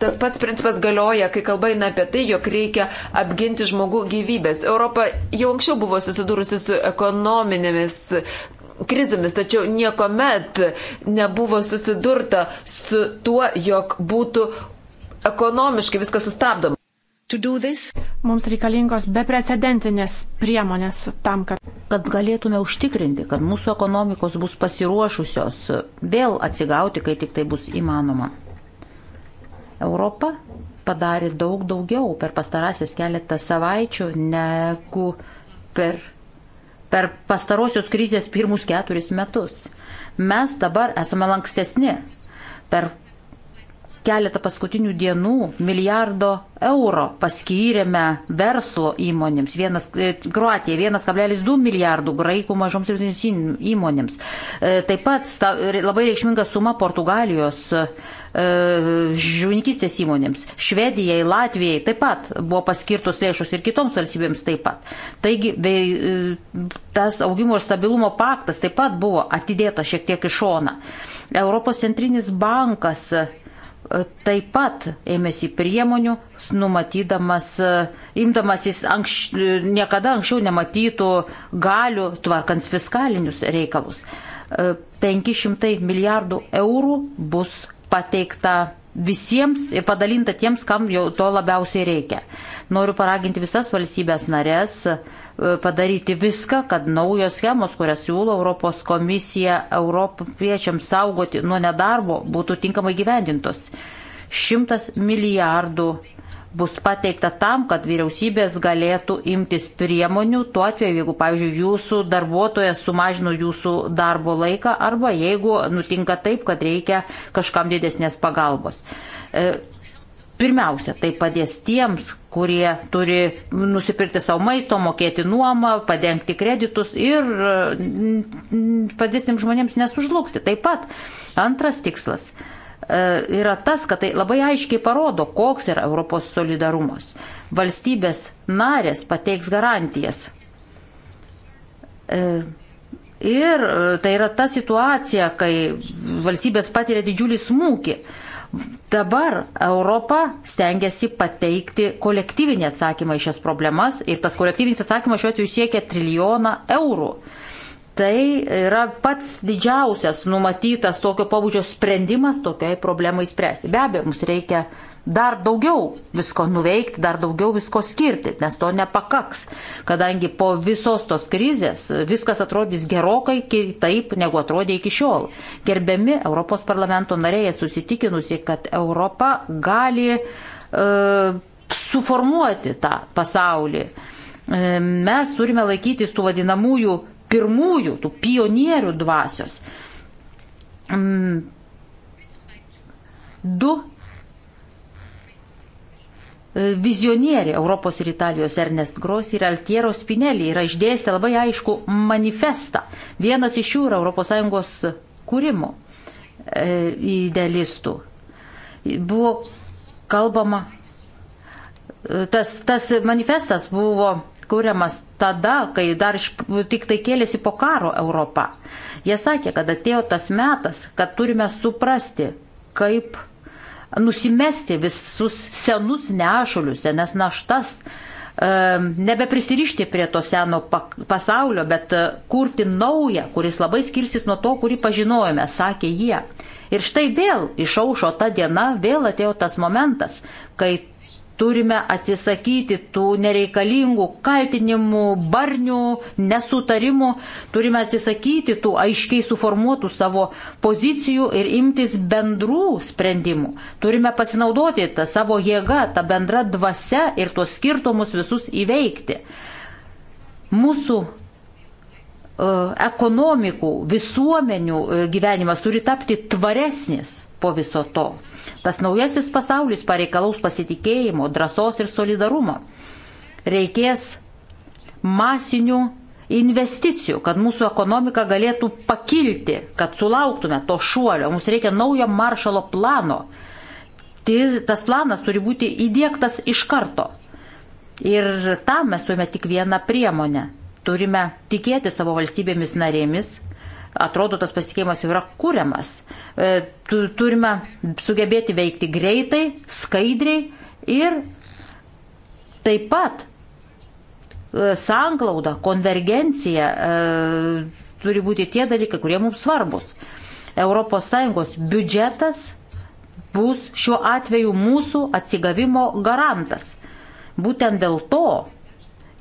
Tas pats principas galioja, kai kalba eina apie tai, jog reikia apginti žmogų gyvybės. Europa jau anksčiau buvo susidūrusi su ekonominėmis krizėmis, tačiau nieko met nebuvo susidurta su tuo, jog būtų ekonomiškai viskas sustabdoma. Mums reikalingos beprecedentinės priemonės tam, kad... kad galėtume užtikrinti, kad mūsų ekonomikos bus pasiruošusios vėl atsigauti, kai tik tai bus įmanoma. Europa padarė daug daugiau per pastarąsias keletą savaičių negu per, per pastarosios krizės pirmus keturis metus. Mes dabar esame lankstesni. Per keletą paskutinių dienų milijardo euro paskyrėme verslo įmonėms. Vienas, e, Kroatija 1,2 milijardų graikų mažoms ir vidutinėms įmonėms. E, taip pat labai reikšminga suma Portugalijos e, žuvininkistės įmonėms. Švedijai, Latvijai taip pat buvo paskirtos lėšos ir kitoms valstybėms taip pat. Taigi tas augimo ir stabilumo paktas taip pat buvo atidėtas šiek tiek į šoną. Europos centrinis bankas uh, taip pat ėmėsi priemonių, numatydamas, imdamasis anks, niekada anksčiau nematytų galių tvarkant fiskalinius reikalus. 500 e, milijardų eurų bus pateikta visiems ir padalinta tiems, kam jau to labiausiai reikia. Noriu paraginti visas valstybės narės padaryti viską, kad naujos schemos, kurias siūlo Europos komisija europiečiams saugoti nuo nedarbo, būtų tinkamai gyvendintos. Šimtas milijardų bus pateikta tam, kad vyriausybės galėtų imtis priemonių tuo atveju, jeigu, pavyzdžiui, jūsų darbuotojas sumažino jūsų darbo laiką arba jeigu nutinka taip, kad reikia kažkam didesnės pagalbos. E, Pirmiausia, tai padės tiems, kurie turi nusipirkti savo maisto, mokėti nuomą, padengti kreditus ir mm, padės tiems žmonėms nesužlugti. Taip pat antras tikslas e, yra tas, kad tai labai aiškiai parodo, koks yra Europos solidarumas. Valstybės narės pateiks garantijas. E, ir e, tai yra ta situacija, kai valstybės patiria didžiulį smūgį. Dabar Europa stengiasi pateikti kolektyvinį atsakymą į šias problemas ir tas kolektyvinis atsakymas šiuo atveju siekia trilijoną eurų. Tai yra pats didžiausias numatytas tokio pabudžio sprendimas tokiai problemai spręsti. Be abejo, mums reikia dar daugiau visko nuveikti, dar daugiau visko skirti, nes to nepakaks, kadangi po visos tos krizės viskas atrodys gerokai kitaip, negu atrodė iki šiol. Gerbiami Europos parlamento nariai susitikinusi, kad Europa gali e, suformuoti tą pasaulį. E, mes turime laikytis tų vadinamųjų pirmųjų, tų pionierių dvasios. Mm. Du E, vizionieriai Europos ir Italijos Ernest Gros ir Altiero Spinelli yra išdėstę labai aišku manifestą. Vienas iš jų yra ES kūrimo e, idealistų. Buvo kalbama, e, tas, tas manifestas buvo kuriamas tada, kai dar iš, tik tai kėlėsi po karo Europą. Jie sakė, kad atėjo tas metas, kad turime suprasti, kaip nusimesti visus senus nešulius, senas naštas, nebeprisirišti prie to seno pasaulio, bet e, kurti naują, kuris labai skirsis nuo to, kurį pažinojome, sakė jie. Ir štai vėl išaušo ta diena, vėl atėjo tas momentas, kai turime atsisakyti tų nereikalingų kaltinimų, barnių, nesutarimų, turime atsisakyti tų aiškiai suformuotų savo pozicijų ir imtis bendrų sprendimų. Turime pasinaudoti tą savo jėgą, tą bendrą dvasę ir tuos skirtumus visus įveikti. Mūsų e, ekonomikų, visuomenių e, gyvenimas turi tapti tvaresnis po viso to. Tas naujasis pasaulis pareikalaus pasitikėjimo, drąsos ir solidarumo. Reikės masinių investicijų, kad mūsų ekonomika galėtų pakilti, kad sulauktume to šuolio. Mums reikia naujo maršalo plano. Tas planas turi būti įdėktas iš karto. Ir tam mes turime tik vieną priemonę. Turime tikėti savo valstybėmis narėmis, atrodo, tas pasitikėjimas jau yra kuriamas. E, turime sugebėti veikti greitai, skaidriai ir taip pat e, sanglauda, konvergencija e, turi būti tie dalykai, kurie mums svarbus. ES biudžetas bus šiuo atveju mūsų atsigavimo garantas. Būtent dėl to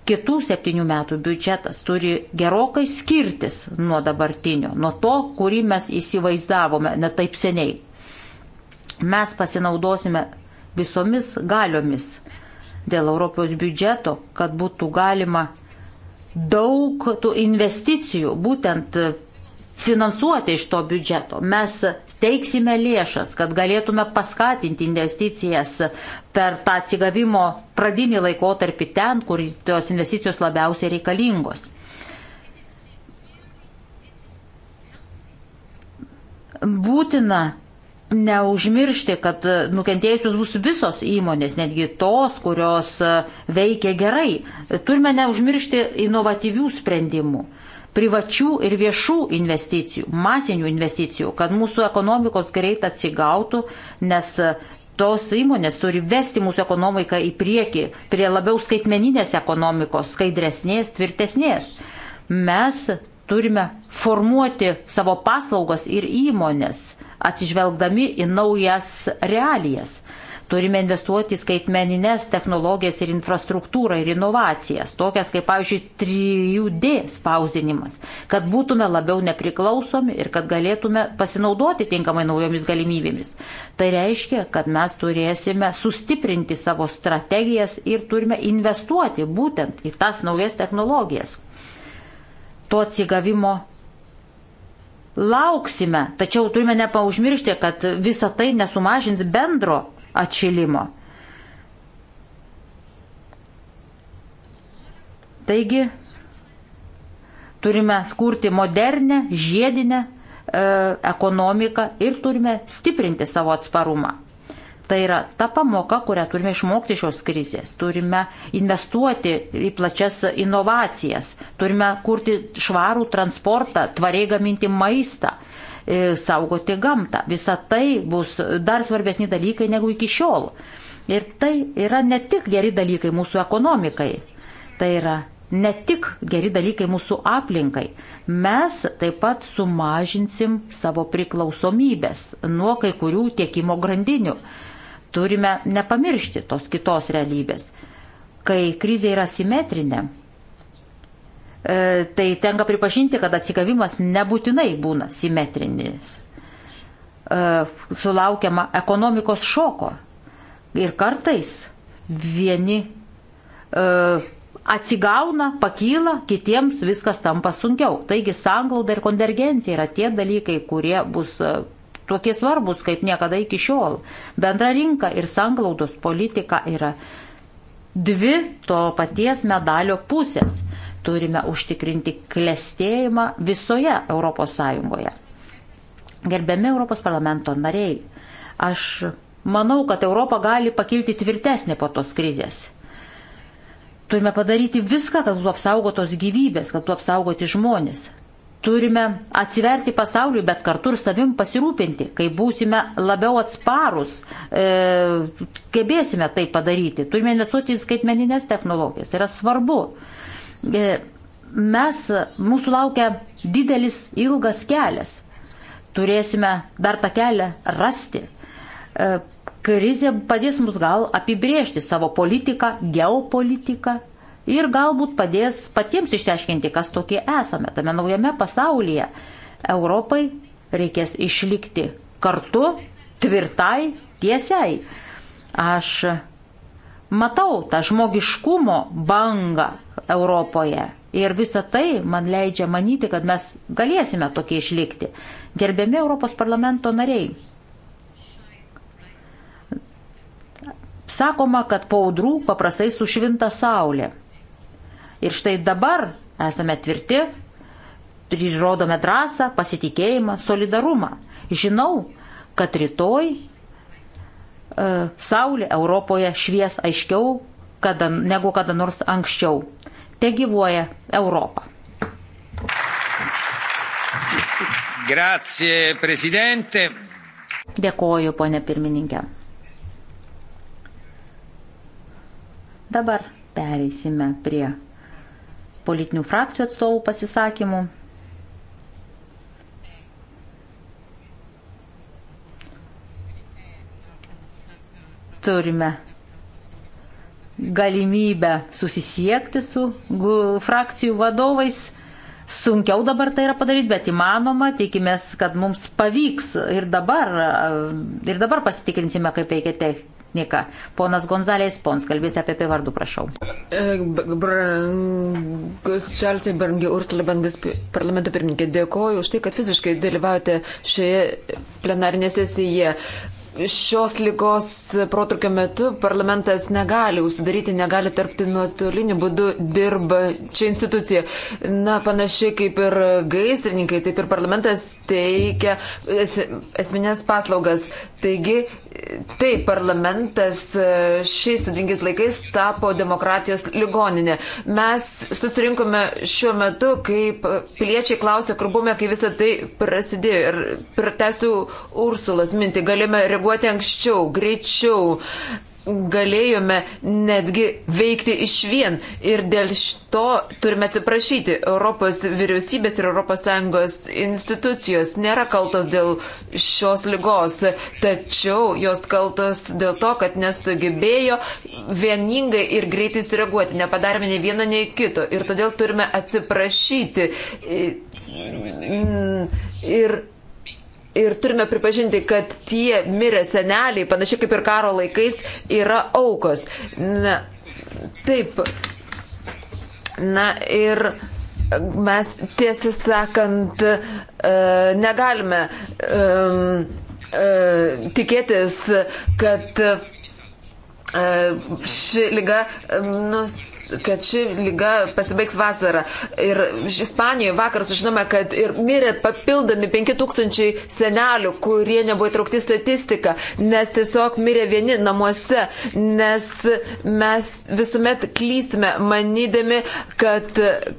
kitų septynių metų biudžetas turi gerokai skirtis nuo dabartinio, nuo to, kurį mes įsivaizdavome netaip seniai. Mes pasinaudosime visomis galiomis dėl Europos biudžeto, kad būtų galima daug tų investicijų būtent finansuoti iš to biudžeto. Mes teiksime lėšas, kad galėtume paskatinti investicijas per tą atsigavimo pradinį laikotarpį ten, kur tos investicijos labiausiai reikalingos. Būtina neužmiršti, kad nukentėjusius bus visos įmonės, netgi tos, kurios veikia gerai. Turime neužmiršti inovatyvių sprendimų privačių ir viešų investicijų, masinių investicijų, kad mūsų ekonomikos greit atsigautų, nes e, tos įmonės turi vesti mūsų ekonomiką į priekį prie labiau skaitmeninės ekonomikos, skaidresnės, tvirtesnės. Mes turime formuoti savo paslaugas ir įmonės, atsižvelgdami į naujas realijas. Turime investuoti į skaitmeninės technologijas ir infrastruktūrą ir inovacijas, tokias kaip, pavyzdžiui, 3D spausdinimas, kad būtume labiau nepriklausomi ir kad galėtume pasinaudoti tinkamai naujomis galimybėmis. Tai reiškia, kad mes turėsime sustiprinti savo strategijas ir turime investuoti būtent į tas naujas technologijas. To atsigavimo lauksime, tačiau turime nepaužmiršti, kad visa tai nesumažins bendro atšilimo. Taigi turime kurti modernę, žiedinę e, ekonomiką ir turime stiprinti savo atsparumą. Tai yra ta pamoka, kurią turime išmokti šios krizės. Turime investuoti į plačias inovacijas, turime kurti švarų transportą, tvariai gaminti maistą, E, saugoti gamtą. Visa tai bus dar svarbesni dalykai negu iki šiol. Ir tai yra ne tik geri dalykai mūsų ekonomikai, tai yra ne tik geri dalykai mūsų aplinkai, mes taip pat sumažinsim savo priklausomybės nuo kai kurių tiekimo grandinių. Turime nepamiršti tos kitos realybės. Kai krizė yra simetrinė, E, tai tenka pripažinti, kad atsigavimas nebūtinai būna simetrinis. E, sulaukiama ekonomikos šoko. Ir kartais vieni e, atsigauna, pakyla, kitiems viskas tampa sunkiau. Taigi sanglauda ir konvergencija yra tie dalykai, kurie bus tokie svarbus kaip niekada iki šiol. Bendra rinka ir sanglaudos politika yra dvi to paties medalio pusės. Turime užtikrinti klestėjimą visoje ES. Gerbiami Europos parlamento nariai, aš manau, kad Europa gali pakilti tvirtesnė po tos krizės. Turime padaryti viską, kad būtų apsaugotos gyvybės, kad būtų apsaugoti žmonės. Turime atsiverti pasauliui, bet kartu ir savim pasirūpinti, kai būsime labiau atsparus, e, gebėsime tai padaryti. Turime investuoti į skaitmeninės technologijas. Tai yra svarbu. E, mes, mūsų laukia didelis ilgas kelias. Turėsime dar tą kelią rasti. E, krizė padės mums gal apibriežti savo politiką, geopolitiką ir galbūt padės patiems išteiškinti, kas tokie esame. Tame naujame pasaulyje Europai reikės išlikti kartu, tvirtai, tiesiai. Aš matau tą žmogiškumo bangą, Europoje. Ir visa tai man leidžia manyti, kad mes galėsime tokie išlikti. Gerbiami Europos parlamento nariai. Sakoma, kad paudrų paprastai sušvinta saulė. Ir štai dabar esame tvirti, rodome drąsą, pasitikėjimą, solidarumą. Žinau, kad rytoj e, saulė Europoje švies aiškiau kada, negu kada nors anksčiau. Te gyvuoja Europą. Grazie, prezidente. Dėkoju, ponė pirmininkė. Dabar pereisime prie politinių frakcijų atstovų pasisakymų. Turime galimybę susisiekti su frakcijų vadovais. Sunkiau dabar tai yra padaryti, bet įmanoma, tikimės, kad mums pavyks ir dabar, ir dabar pasitikrinsime, kaip veikia technika. Ponas Gonzalės Pons, kalbės apie pavardų, prašau. E, brangus Čarlzai Brangi Ursulė, brangus parlamento pirmininkė, dėkoju už tai, kad fiziškai dalyvaujate šioje plenarinėje sesijoje šios lygos protrukio metu parlamentas negali užsidaryti, negali tarpti nuotoliniu būdu dirba čia institucija. Na, panašiai kaip ir gaisrininkai, taip ir parlamentas teikia es, esminės paslaugas. Taigi, taip, parlamentas šiais sudingis laikais tapo demokratijos ligoninė. Mes susirinkome šiuo metu, kaip piliečiai klausė, kur buvome, kai visą tai prasidėjo. Ir pratesiu Ursulas mintį, galime reaguoti reaguoti anksčiau, greičiau, galėjome netgi veikti iš vien. Ir dėl to turime atsiprašyti. Europos vyriausybės ir ES institucijos nėra kaltos dėl šios lygos, tačiau jos kaltos dėl to, kad nesugebėjo vieningai ir greitai sureaguoti. Nepadarėme nei vieno, nei kito. Ir todėl turime atsiprašyti. Ir Ir turime pripažinti, kad tie mirę seneliai, panašiai kaip ir karo laikais, yra aukos. Na, taip. Na ir mes tiesą sakant e, negalime e, tikėtis, kad e, ši lyga nus kad ši lyga pasibaigs vasarą. Ir Ispanijoje vakar sužinome, kad ir mirė papildomi 5000 senelių, kurie nebuvo įtraukti statistiką, nes tiesiog mirė vieni namuose, nes mes visuomet klysime, manydami, kad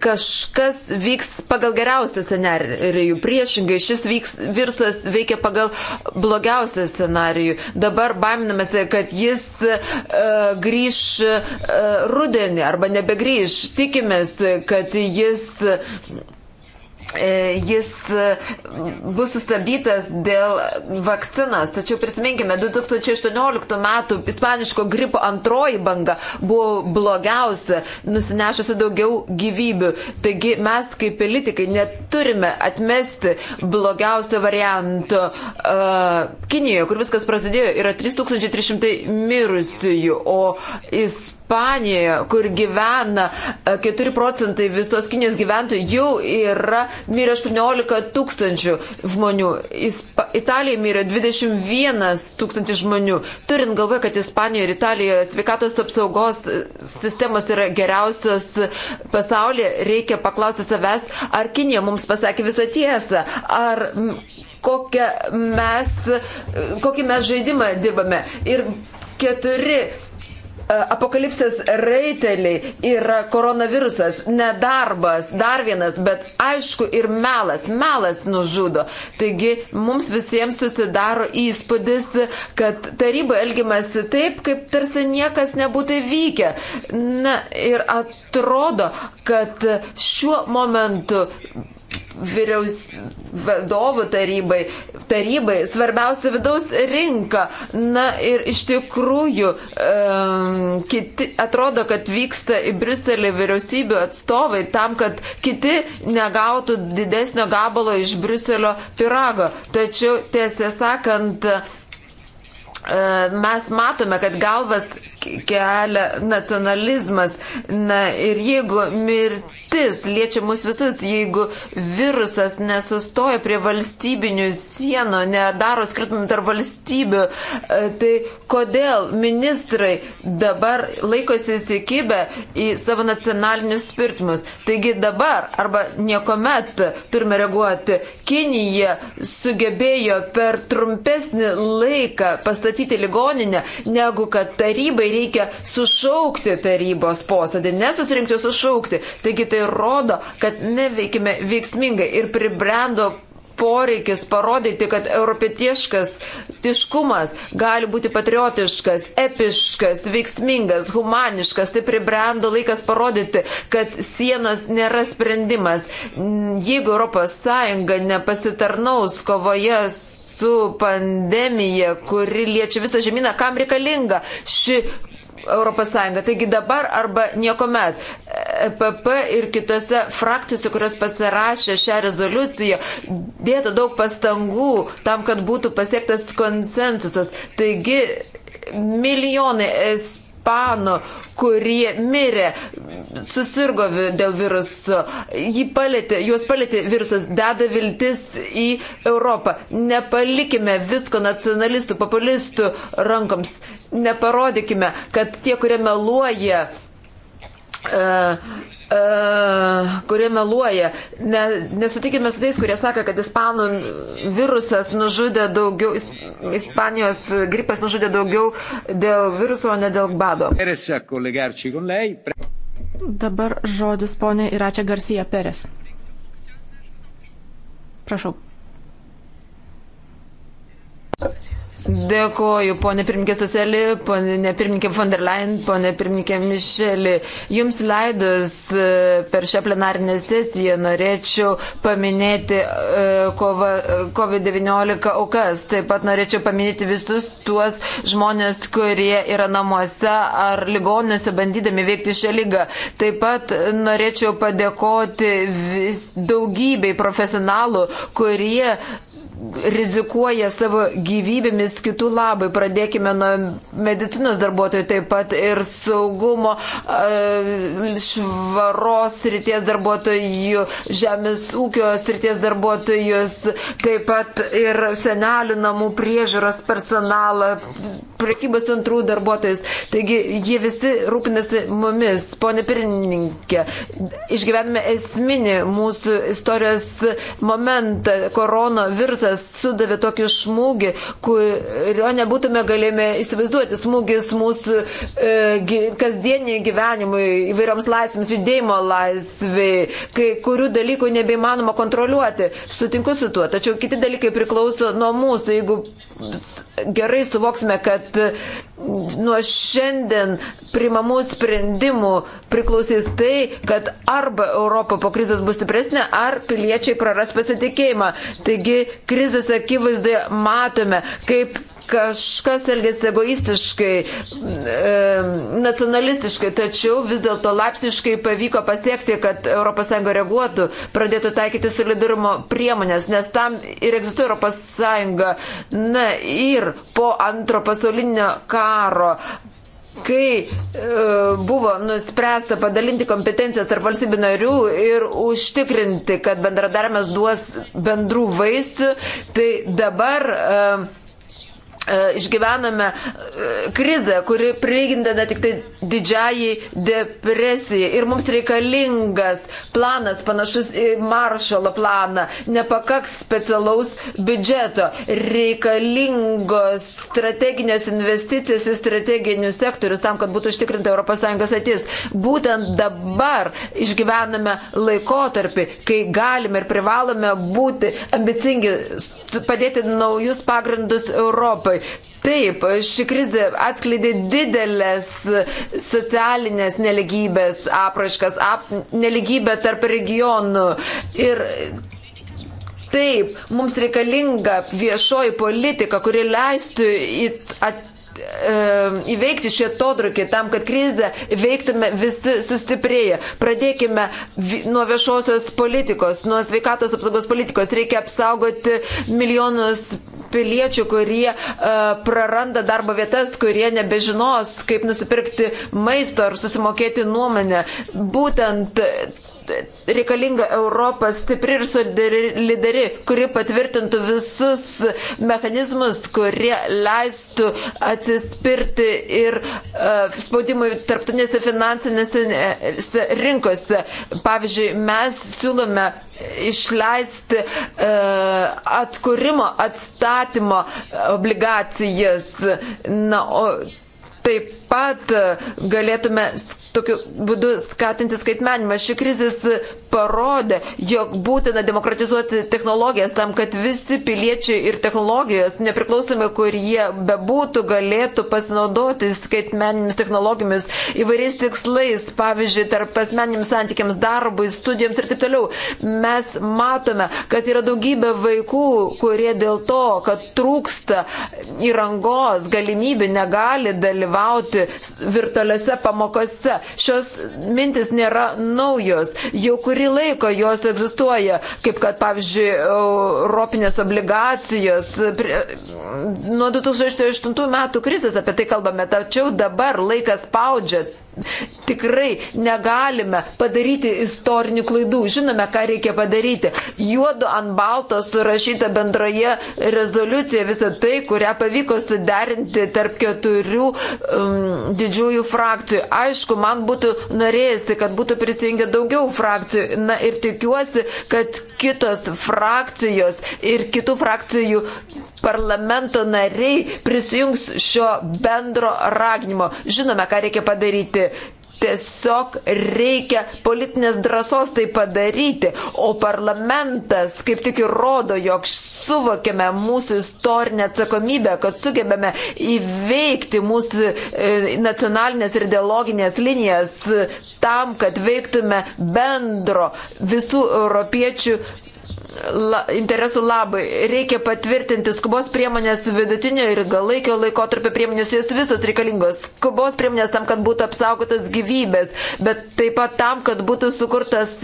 kažkas vyks pagal geriausią scenarijų. Priešingai, šis vyks, virusas veikia pagal blogiausią scenarijų. Dabar baiminamės, kad jis uh, e, grįž uh, e, rudenį arba arba nebegrįž. Tikimės, kad jis E, jis e, bus sustabdytas dėl vakcinos. Tačiau prisiminkime, 2018 metų ispaniško gripo antroji banga buvo blogiausia, nusinešusi daugiau gyvybių. Taigi mes kaip politikai neturime atmesti blogiausio varianto. E, Kinijoje, kur viskas prasidėjo, yra 3300 mirusiųjų, o Ispanijoje Ispanijoje, kur gyvena 4 procentai visos Kinijos gyventojų, jau yra mirė 18 tūkstančių žmonių, Ispa Italijoje mirė 21 tūkstantis žmonių. Turint galvoje, kad Ispanijoje ir Italijoje sveikatos apsaugos sistemos yra geriausios pasaulyje, reikia paklausti savęs, ar Kinija mums pasakė visą tiesą, ar kokią mes, kokį mes žaidimą dirbame. Ir keturi E, apokalipsės raiteliai yra koronavirusas, nedarbas, dar vienas, bet aišku ir melas, melas nužudo. Taigi mums visiems susidaro įspūdis, kad taryba elgiamasi taip, kaip tarsi niekas nebūtų įvykę. Na ir atrodo, kad šiuo momentu vyriaus vadovų tarybai, tarybai, svarbiausia vidaus rinka. Na ir iš tikrųjų, um, kiti, atrodo, kad vyksta į Briuselį vyriausybių atstovai tam, kad kiti negautų didesnio gabalo iš Briuselio pirago. Tačiau, tiesą sakant, e, mes matome, kad galvas kelia nacionalizmas. Na ir jeigu mirtis liečia mus visus, jeigu virusas nesustoja prie valstybinių sienų, nedaro skirtumų tarp valstybių, e, tai kodėl ministrai dabar laikosi įsikibę į savo nacionalinius spirtimus? Taigi dabar arba niekuomet turime reaguoti. Kinija sugebėjo per trumpesnį laiką pastatyti ligoninę, negu kad tarybai reikia sušaukti tarybos posėdį, nesusirinkti, sušaukti. Taigi tai rodo, kad neveikime veiksmingai ir pribrendo poreikis parodyti, kad europietiškas tiškumas gali būti patriotiškas, epiškas, veiksmingas, humaniškas. Tai pribrendo laikas parodyti, kad sienos nėra sprendimas. Jeigu ES nepasitarnaus kovoje su su pandemija, kuri liečia visą žemyną, kam reikalinga ši ES. Taigi dabar arba nieko met. EPP ir kitose frakcijose, kurios pasirašė šią rezoliuciją, dėta daug pastangų tam, kad būtų pasiektas konsensusas. Taigi milijonai SP ispanų, kurie mirė, susirgo dėl viruso, jį palėtė, juos palėtė virusas, deda viltis į Europą. Nepalikime visko nacionalistų, populistų rankoms, neparodykime, kad tie, kurie meluoja, uh, E, kurie meluoja. Ne, nesutikime su tais, kurie sako, kad ispanų virusas nužudė daugiau, Ispanijos gripas nužudė daugiau dėl viruso, o ne dėl bado. Dabar žodis ponė Iračia Garcia Perez. Prašau. Спасибо. Dėkoju, ponė pirmininkė Saseli, ponė pirmininkė von der Leyen, ponė pirmininkė Mišeli. Jums leidus e, per šią plenarinę sesiją norėčiau paminėti e, e, COVID-19 aukas. Taip pat norėčiau paminėti visus tuos žmonės, kurie yra namuose ar ligonėse bandydami veikti šią lygą. Taip pat norėčiau padėkoti vis, daugybei profesionalų, kurie rizikuoja savo gyvybėmis vienas kitų labai. Pradėkime nuo medicinos darbuotojų, taip pat ir saugumo, e, švaros ryties darbuotojų, žemės ūkio ryties darbuotojus, taip pat ir senelių namų priežiūros personalą, priekybos centrų darbuotojus. Taigi jie visi rūpinasi mumis, ponė pirmininkė. Išgyvename esminį mūsų istorijos momentą. Koronavirusas sudavė tokį šmūgį, kur kurio nebūtume galėjome įsivaizduoti. Smūgis mūsų e, kasdieniai gyvenimui, įvairioms laisvėms, judėjimo laisviai, kai kurių dalykų nebeįmanoma kontroliuoti. Sutinku su tuo, tačiau kiti dalykai priklauso nuo mūsų. Jeigu gerai suvoksime, kad nuo šiandien primamų sprendimų priklausys tai, kad arba Europa po krizės bus stipresnė, ar piliečiai praras pasitikėjimą. Taigi krizės akivaizdoje matome, kaip kažkas elgėsi egoistiškai, e, nacionalistiškai, tačiau vis dėlto laipsniškai pavyko pasiekti, kad ES reaguotų, pradėtų taikyti solidarumo priemonės, nes tam ir egzistuoja ES. Na ir po antro pasaulinio karo. Kai e, buvo nuspręsta padalinti kompetencijas tarp valstybių narių ir užtikrinti, kad bendradarbiavimas duos bendrų vaisių, tai dabar e, E, išgyvename e, krizę, kuri prilygindana tik tai didžiajai depresijai. Ir mums reikalingas planas panašus į maršalo planą. Nepakaks specialaus biudžeto. Reikalingos strateginės investicijos į strateginius sektorius tam, kad būtų užtikrinta ES ateitis. Būtent dabar išgyvename laikotarpį, kai galime ir privalome būti ambicingi, padėti naujus pagrindus Europai Taip, ši krizė atskleidė didelės socialinės neligybės apraškas, ap, neligybė tarp regionų. Ir taip, mums reikalinga viešoji politika, kuri leistų į, at, e, įveikti šį atotrukį tam, kad krizę veiktume visi sustiprėję. Pradėkime nuo viešosios politikos, nuo sveikatos apsaugos politikos. Reikia apsaugoti milijonus piliečių, kurie uh, praranda darbo vietas, kurie nebežinos, kaip nusipirkti maisto ar susimokėti nuomonę. Būtent reikalinga Europa stipri ir solidari, kuri patvirtintų visus mechanizmus, kurie leistų atsispirti ir uh, spaudimui tarptautinėse finansinėse e, rinkose. Pavyzdžiui, mes siūlome išleisti uh, atkūrimo atstatymą įstatymo obligacijas. Na, o taip pat e, galėtume tokiu būdu skatinti skaitmenimą. Ši krizis parodė, jog būtina demokratizuoti technologijas tam, kad visi piliečiai ir technologijos, nepriklausomai kur jie bebūtų, galėtų pasinaudoti skaitmeninėmis technologijomis įvairiais tikslais, pavyzdžiui, tarp asmeniniams santykiams, darbui, studijoms ir taip toliau. Mes matome, kad yra daugybė vaikų, kurie dėl to, kad trūksta įrangos, galimybių negali dalyvauti dalyvauti virtualiose pamokose. Šios mintis nėra naujos, jau kurį laiką jos egzistuoja, kaip kad, pavyzdžiui, europinės obligacijos. Nuo 2008 metų krizės apie tai kalbame, tačiau dabar laikas spaudžia Tikrai negalime padaryti istorinių klaidų. Žinome, ką reikia padaryti. Juodu ant balto surašyta bendroje rezoliucija visą tai, kurią pavyko suderinti tarp keturių um, didžiųjų frakcijų. Aišku, man būtų norėjusi, kad būtų prisijungę daugiau frakcijų. Na ir tikiuosi, kad kitos frakcijos ir kitų frakcijų parlamento nariai prisijungs šio bendro raginimo. Žinome, ką reikia padaryti daryti. Tiesiog reikia politinės drąsos tai padaryti, o parlamentas kaip tik įrodo, jog suvokėme mūsų istorinę atsakomybę, kad sugebėme įveikti mūsų e, nacionalinės ir ideologinės linijas tam, kad veiktume bendro visų europiečių la, interesų labai. Reikia patvirtinti skubos priemonės vidutinio ir ilgalaikio laiko tarp priemonės, jos visos reikalingos. Skubos priemonės tam, kad būtų apsaugotas gyvybės, bet taip pat tam, kad būtų sukurtas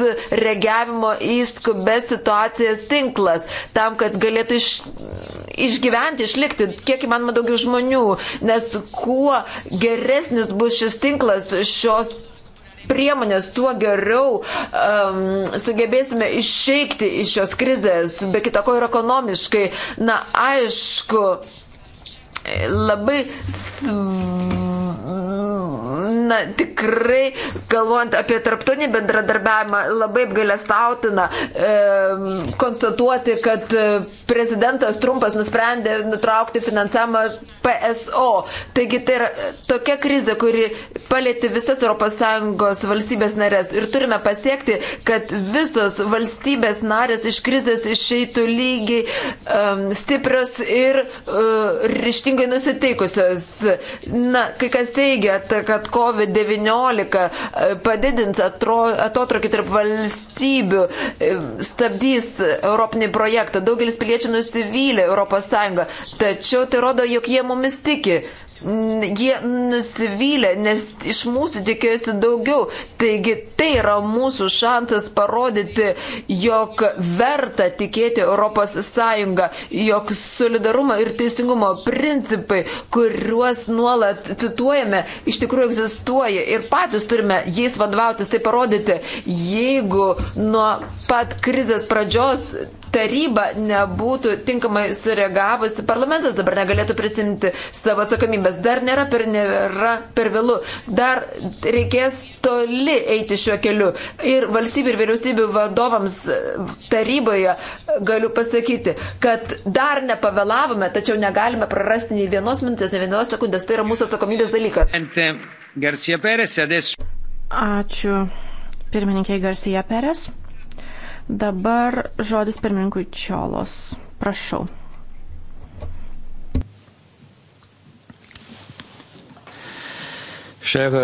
reagavimo į skubės situacijas tinklas, tam, kad galėtų iš, išgyventi, išlikti kiek įmanoma daugiau žmonių, nes kuo geresnis bus šis tinklas šios priemonės, tuo geriau um, sugebėsime išeikti iš šios krizės, be kitako ir ekonomiškai. Na, aišku, labai sv na, tikrai, galvojant apie tarptautinį bendradarbiavimą, labai apgailestautina e, konstatuoti, kad e, prezidentas Trumpas nusprendė nutraukti finansavimą PSO. Taigi tai yra e, tokia krizė, kuri palėti visas ES valstybės narės ir turime pasiekti, kad visos valstybės narės iš krizės išeitų lygiai um, stiprios ir uh, ryštingai nusiteikusios. Na, kai kas teigia, kad COVID-19 e, padidins atotrukį tarp valstybių, e, stabdys Europinį projektą. Daugelis piliečių nusivylė ES, tačiau tai rodo, jog jie mumis tiki. Jie nusivylė, nes iš mūsų tikėjosi daugiau. Taigi tai yra mūsų šansas parodyti, jog verta tikėti ES, jog solidarumo ir teisingumo principai, kuriuos nuolat cituojame, iš tikrųjų egzistuoja egzistuoja ir patys turime jais vadovautis, tai parodyti, jeigu nuo pat krizės pradžios taryba nebūtų tinkamai sureagavusi, parlamentas dabar negalėtų prisimti savo atsakomybės. Dar nėra per, nėra per vėlų, dar reikės toli eiti šiuo keliu. Ir valstybių ir vyriausybių vadovams taryboje galiu pasakyti, kad dar nepavėlavome, tačiau negalime prarasti nei vienos minutės, nei vienos sekundės. Tai yra mūsų atsakomybės dalykas. And, uh... Garcia Perez. E adesso... Ačiū pirmininkiai Garcia Perez. Dabar žodis pirmininkui Čiolos. Prašau. Cher